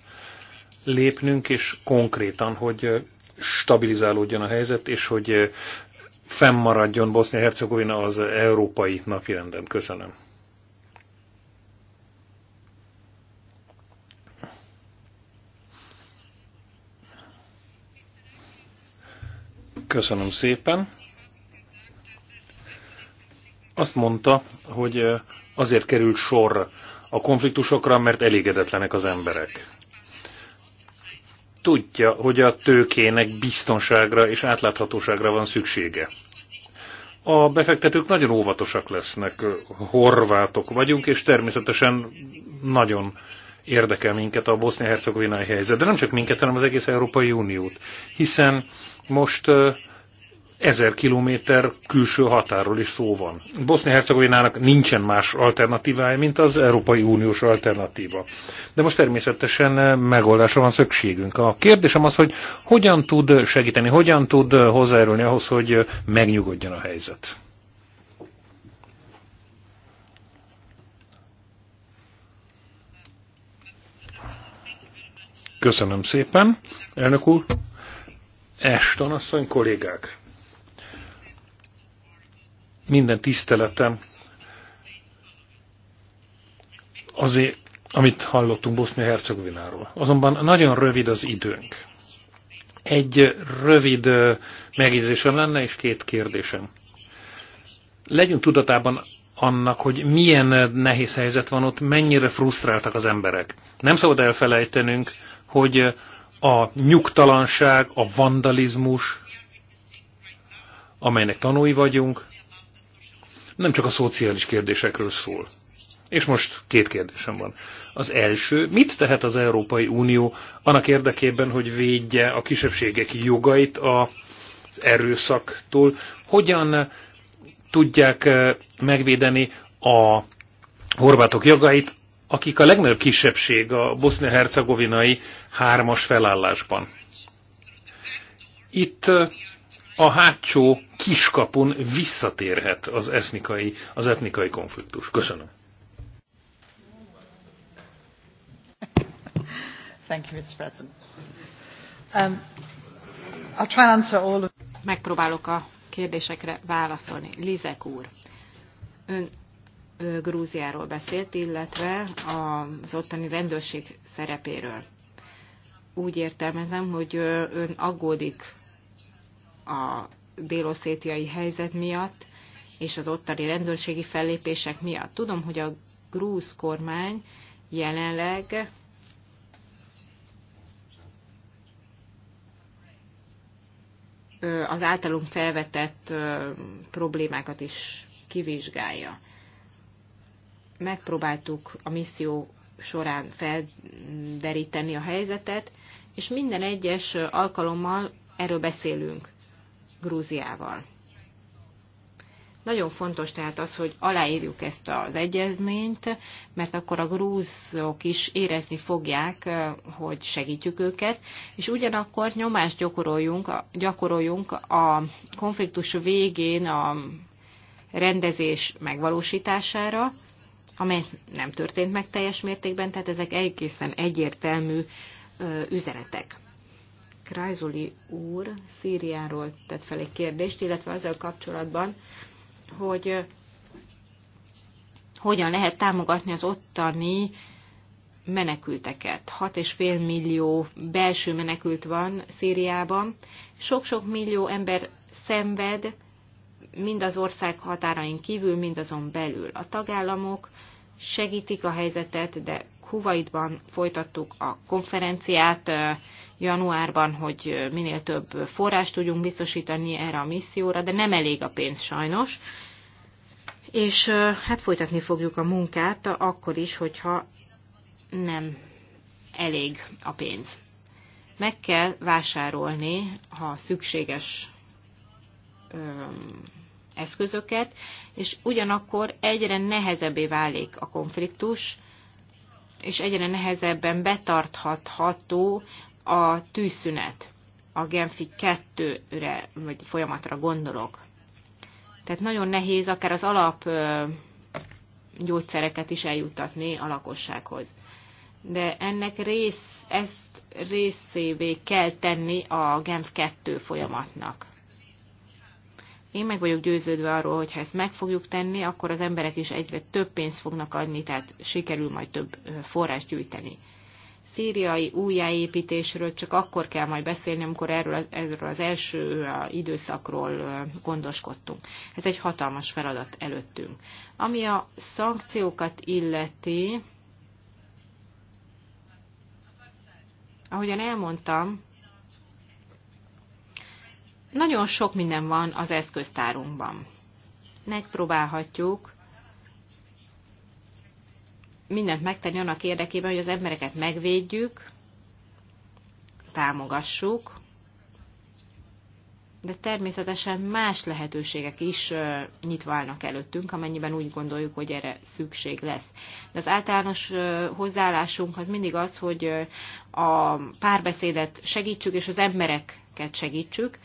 Speaker 1: lépnünk, és konkrétan, hogy stabilizálódjon a helyzet, és hogy eh, fennmaradjon Bosznia-Hercegovina az európai napirenden. Köszönöm. Köszönöm szépen. Azt mondta, hogy eh, azért került sor a konfliktusokra, mert elégedetlenek az emberek tudja, hogy a tőkének biztonságra és átláthatóságra van szüksége. A befektetők nagyon óvatosak lesznek, horvátok vagyunk, és természetesen nagyon érdekel minket a bosznia-hercegovinai helyzet, de nem csak minket, hanem az egész Európai Uniót, hiszen most ezer kilométer külső határól is szó van. Bosznia-Hercegovinának nincsen más alternatívája, mint az Európai Uniós alternatíva. De most természetesen megoldásra van szükségünk. A kérdésem az, hogy hogyan tud segíteni, hogyan tud hozzájárulni ahhoz, hogy megnyugodjon a helyzet. Köszönöm szépen, elnök úr. Eston asszony, kollégák! minden tiszteletem azért, amit hallottunk Bosznia-Hercegovináról. Azonban nagyon rövid az időnk. Egy rövid megjegyzésem lenne, és két kérdésem. Legyünk tudatában annak, hogy milyen nehéz helyzet van ott, mennyire frusztráltak az emberek. Nem szabad elfelejtenünk, hogy a nyugtalanság, a vandalizmus, amelynek tanúi vagyunk, nem csak a szociális kérdésekről szól. És most két kérdésem van. Az első, mit tehet az Európai Unió annak érdekében, hogy védje a kisebbségek jogait az erőszaktól? Hogyan tudják eh, megvédeni a horvátok jogait, akik a legnagyobb kisebbség a bosznia-hercegovinai hármas felállásban? Itt eh, a hátsó kiskapun visszatérhet az etnikai, az etnikai konfliktus. Köszönöm.
Speaker 2: Thank you, Mr. President. Um, I'll try and answer all of... Megpróbálok a kérdésekre válaszolni. Lizek úr, ön ő, Grúziáról beszélt, illetve az ottani rendőrség szerepéről. Úgy értelmezem, hogy ön aggódik a déloszétiai helyzet miatt és az ottani rendőrségi fellépések miatt. Tudom, hogy a grúz kormány jelenleg az általunk felvetett problémákat is kivizsgálja. Megpróbáltuk a misszió során felderíteni a helyzetet, és minden egyes alkalommal erről beszélünk. Grúziával. Nagyon fontos tehát az, hogy aláírjuk ezt az egyezményt, mert akkor a grúzok is érezni fogják, hogy segítjük őket, és ugyanakkor nyomást gyakoroljunk, gyakoroljunk a konfliktus végén a rendezés megvalósítására, amely nem történt meg teljes mértékben, tehát ezek egészen egyértelmű üzenetek. Krajzoli úr Szíriáról tett fel egy kérdést, illetve azzal kapcsolatban, hogy hogyan lehet támogatni az ottani menekülteket. 6,5 millió belső menekült van Szíriában. Sok-sok millió ember szenved, mind az ország határain kívül, mind azon belül. A tagállamok segítik a helyzetet, de Kuwaitban folytattuk a konferenciát januárban, hogy minél több forrást tudjunk biztosítani erre a misszióra, de nem elég a pénz sajnos. És hát folytatni fogjuk a munkát akkor is, hogyha nem elég a pénz. Meg kell vásárolni, ha szükséges eszközöket, és ugyanakkor egyre nehezebbé válik a konfliktus, és egyre nehezebben betarthatható a tűzszünet. A Genfi 2-re, vagy folyamatra gondolok. Tehát nagyon nehéz akár az alap gyógyszereket is eljuttatni a lakossághoz. De ennek rész, ezt részévé kell tenni a Genf 2 folyamatnak. Én meg vagyok győződve arról, hogy ha ezt meg fogjuk tenni, akkor az emberek is egyre több pénzt fognak adni, tehát sikerül majd több forrást gyűjteni. Szíriai újjáépítésről csak akkor kell majd beszélni, amikor erről, erről az első időszakról gondoskodtunk. Ez egy hatalmas feladat előttünk. Ami a szankciókat illeti, ahogyan elmondtam, nagyon sok minden van az eszköztárunkban. Megpróbálhatjuk mindent megtenni annak érdekében, hogy az embereket megvédjük, támogassuk, de természetesen más lehetőségek is nyitva állnak előttünk, amennyiben úgy gondoljuk, hogy erre szükség lesz. De az általános hozzáállásunk az mindig az, hogy a párbeszédet segítsük, és az embereket segítsük,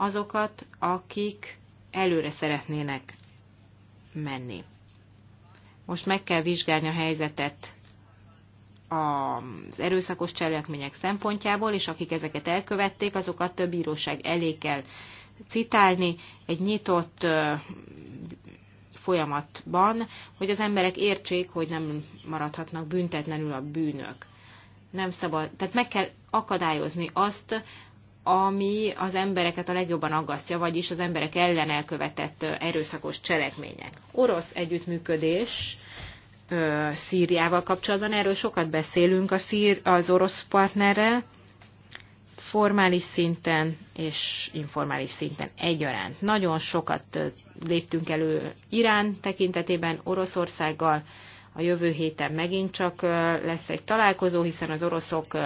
Speaker 2: azokat, akik előre szeretnének menni. Most meg kell vizsgálni a helyzetet az erőszakos cselekmények szempontjából, és akik ezeket elkövették, azokat több bíróság elé kell citálni egy nyitott folyamatban, hogy az emberek értsék, hogy nem maradhatnak büntetlenül a bűnök. Nem szabad, tehát meg kell akadályozni azt, ami az embereket a legjobban aggasztja, vagyis az emberek ellen elkövetett erőszakos cselekmények. Orosz együttműködés Szíriával kapcsolatban, erről sokat beszélünk a szír, az orosz partnere formális szinten és informális szinten egyaránt. Nagyon sokat léptünk elő Irán tekintetében, Oroszországgal, a jövő héten megint csak lesz egy találkozó, hiszen az oroszok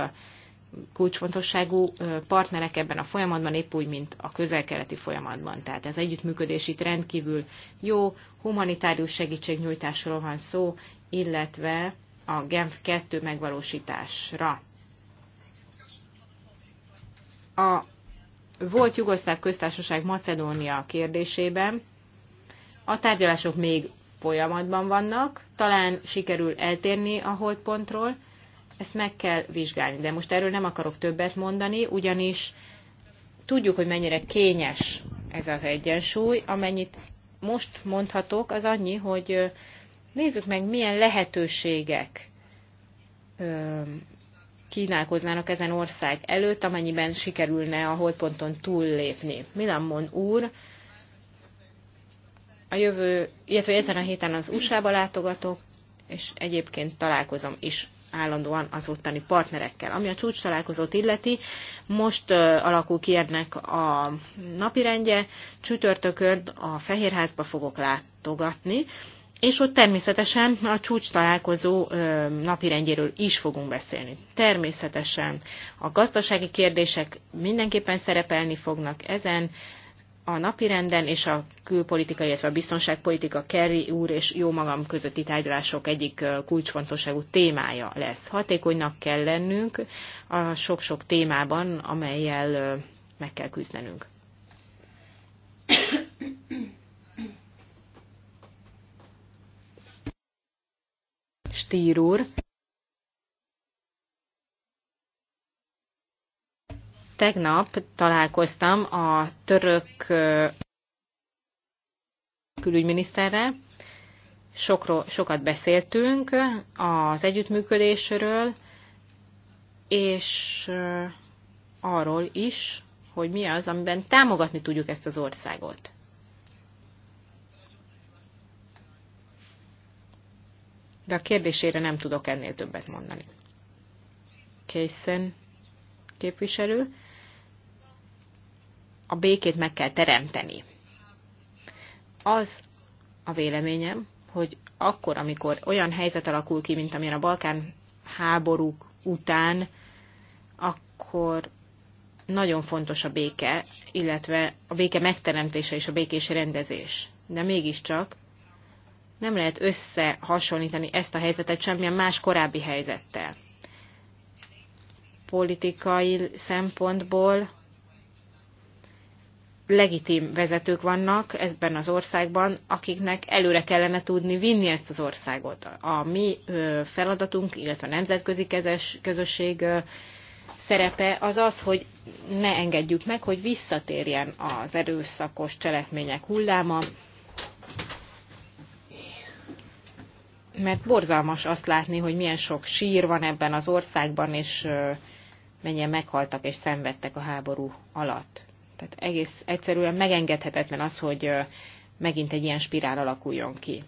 Speaker 2: kulcsfontosságú partnerek ebben a folyamatban, épp úgy, mint a közelkeleti folyamatban. Tehát ez együttműködés itt rendkívül jó, humanitárius segítségnyújtásról van szó, illetve a Genf 2 megvalósításra. A volt Jugoszláv köztársaság Macedónia kérdésében a tárgyalások még folyamatban vannak, talán sikerül eltérni a holdpontról, ezt meg kell vizsgálni. De most erről nem akarok többet mondani, ugyanis tudjuk, hogy mennyire kényes ez az egyensúly. Amennyit most mondhatok, az annyi, hogy nézzük meg, milyen lehetőségek kínálkoznának ezen ország előtt, amennyiben sikerülne a holponton túllépni. Milamon úr a jövő, illetve ezen a héten az USA-ba látogatok, és egyébként találkozom is állandóan az ottani partnerekkel. Ami a csúcs találkozót illeti, most alakul ki ennek a napirendje, csütörtökön a Fehérházba fogok látogatni, és ott természetesen a csúcs találkozó napirendjéről is fogunk beszélni. Természetesen a gazdasági kérdések mindenképpen szerepelni fognak ezen, a napirenden, és a külpolitika, illetve a biztonságpolitika Kerry úr és jó magam közötti tárgyalások egyik kulcsfontosságú témája lesz. Hatékonynak kell lennünk a sok-sok témában, amelyel meg kell küzdenünk. Stír úr. Tegnap találkoztam a török külügyminiszterrel, Sokról, sokat beszéltünk az együttműködésről, és arról is, hogy mi az, amiben támogatni tudjuk ezt az országot. De a kérdésére nem tudok ennél többet mondani. Készen képviselő a békét meg kell teremteni. Az a véleményem, hogy akkor, amikor olyan helyzet alakul ki, mint amilyen a Balkán háborúk után, akkor nagyon fontos a béke, illetve a béke megteremtése és a békés rendezés. De mégiscsak nem lehet összehasonlítani ezt a helyzetet semmilyen más korábbi helyzettel. Politikai szempontból legitim vezetők vannak ebben az országban, akiknek előre kellene tudni vinni ezt az országot. A mi feladatunk, illetve a nemzetközi kezes, közösség szerepe az az, hogy ne engedjük meg, hogy visszatérjen az erőszakos cselekmények hulláma, mert borzalmas azt látni, hogy milyen sok sír van ebben az országban, és mennyien meghaltak és szenvedtek a háború alatt. Tehát egész egyszerűen megengedhetetlen az, hogy megint egy ilyen spirál alakuljon ki.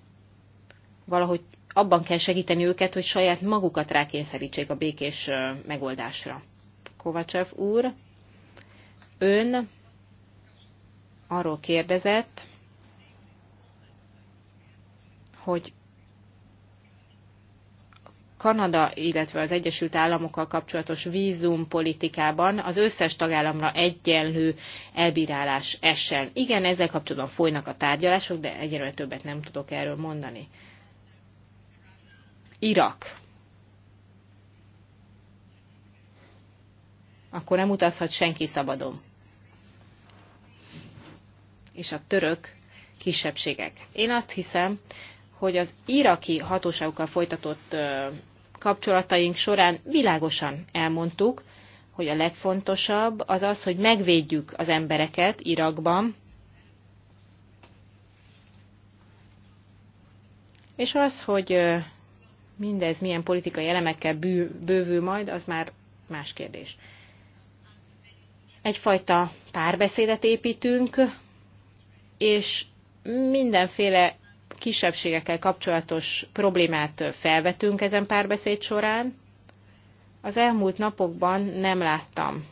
Speaker 2: Valahogy abban kell segíteni őket, hogy saját magukat rákényszerítsék a békés megoldásra. Kovacsev úr, ön arról kérdezett, hogy Kanada, illetve az Egyesült Államokkal kapcsolatos vízumpolitikában az összes tagállamra egyenlő elbírálás essen. Igen, ezzel kapcsolatban folynak a tárgyalások, de egyelőre többet nem tudok erről mondani. Irak. Akkor nem utazhat senki szabadon. És a török kisebbségek. Én azt hiszem, hogy az iraki hatóságokkal folytatott kapcsolataink során világosan elmondtuk, hogy a legfontosabb az az, hogy megvédjük az embereket Irakban, és az, hogy mindez milyen politikai elemekkel bővül majd, az már más kérdés. Egyfajta párbeszédet építünk, és mindenféle kisebbségekkel kapcsolatos problémát felvetünk ezen párbeszéd során. Az elmúlt napokban nem láttam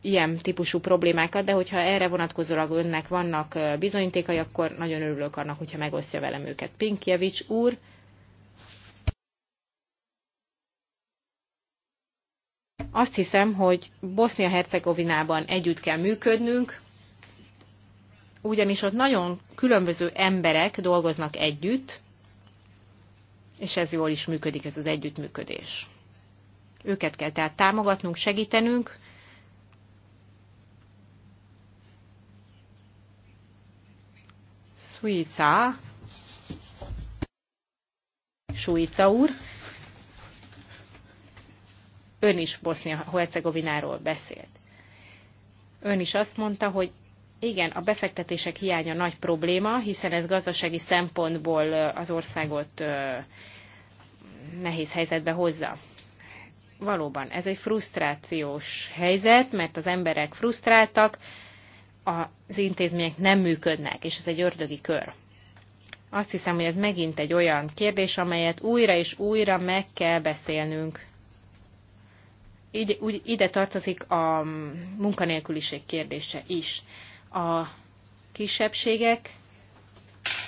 Speaker 2: ilyen típusú problémákat, de hogyha erre vonatkozólag önnek vannak bizonyítékai, akkor nagyon örülök annak, hogyha megosztja velem őket. Pinkjevics úr, azt hiszem, hogy Bosznia-Hercegovinában együtt kell működnünk, ugyanis ott nagyon különböző emberek dolgoznak együtt, és ez jól is működik, ez az együttműködés. Őket kell tehát támogatnunk, segítenünk, Suica, Suica úr, ön is Bosznia-Hercegovináról beszélt. Ön is azt mondta, hogy igen, a befektetések hiánya nagy probléma, hiszen ez gazdasági szempontból az országot nehéz helyzetbe hozza. Valóban, ez egy frusztrációs helyzet, mert az emberek frusztráltak, az intézmények nem működnek, és ez egy ördögi kör. Azt hiszem, hogy ez megint egy olyan kérdés, amelyet újra és újra meg kell beszélnünk. Így, úgy, ide tartozik a munkanélküliség kérdése is a kisebbségek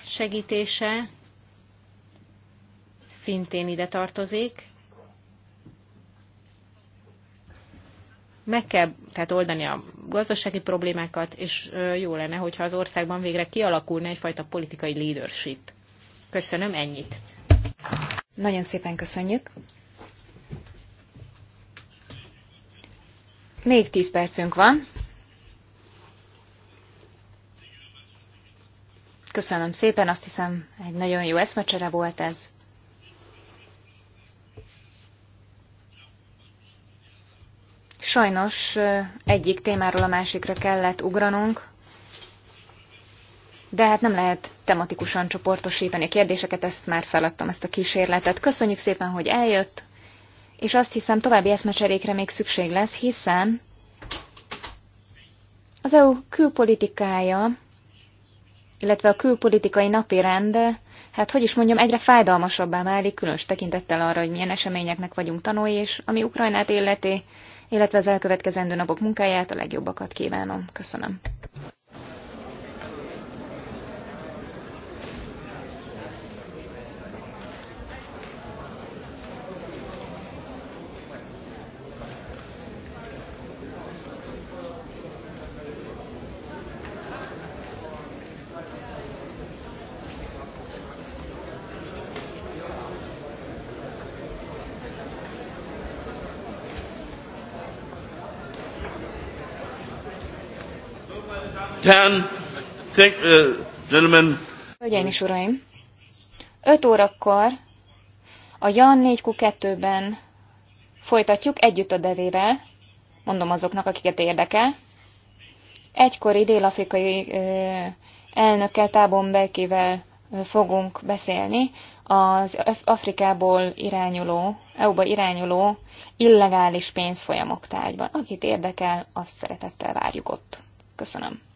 Speaker 2: segítése szintén ide tartozik. Meg kell tehát oldani a gazdasági problémákat, és jó lenne, hogyha az országban végre kialakulna egyfajta politikai leadership. Köszönöm ennyit.
Speaker 3: Nagyon szépen köszönjük. Még tíz percünk van. Köszönöm szépen, azt hiszem egy nagyon jó eszmecsere volt ez. Sajnos egyik témáról a másikra kellett ugranunk, de hát nem lehet tematikusan csoportosítani a kérdéseket, ezt már feladtam, ezt a kísérletet. Köszönjük szépen, hogy eljött, és azt hiszem további eszmecserékre még szükség lesz, hiszen az EU külpolitikája illetve a külpolitikai rend, hát hogy is mondjam, egyre fájdalmasabbá válik, különös tekintettel arra, hogy milyen eseményeknek vagyunk tanulni, és ami Ukrajnát illeti, illetve az elkövetkezendő napok munkáját a legjobbakat kívánom. Köszönöm. 10, uh, gentlemen. Hölgyeim és uraim, 5 órakor a Jan 4Q2-ben folytatjuk együtt a devével, mondom azoknak, akiket érdekel. Egykori dél-afrikai elnökkel, Tábon Belkivel fogunk beszélni az Afrikából irányuló, EU-ba irányuló illegális pénzfolyamok tárgyban. Akit érdekel, azt szeretettel várjuk ott. Köszönöm.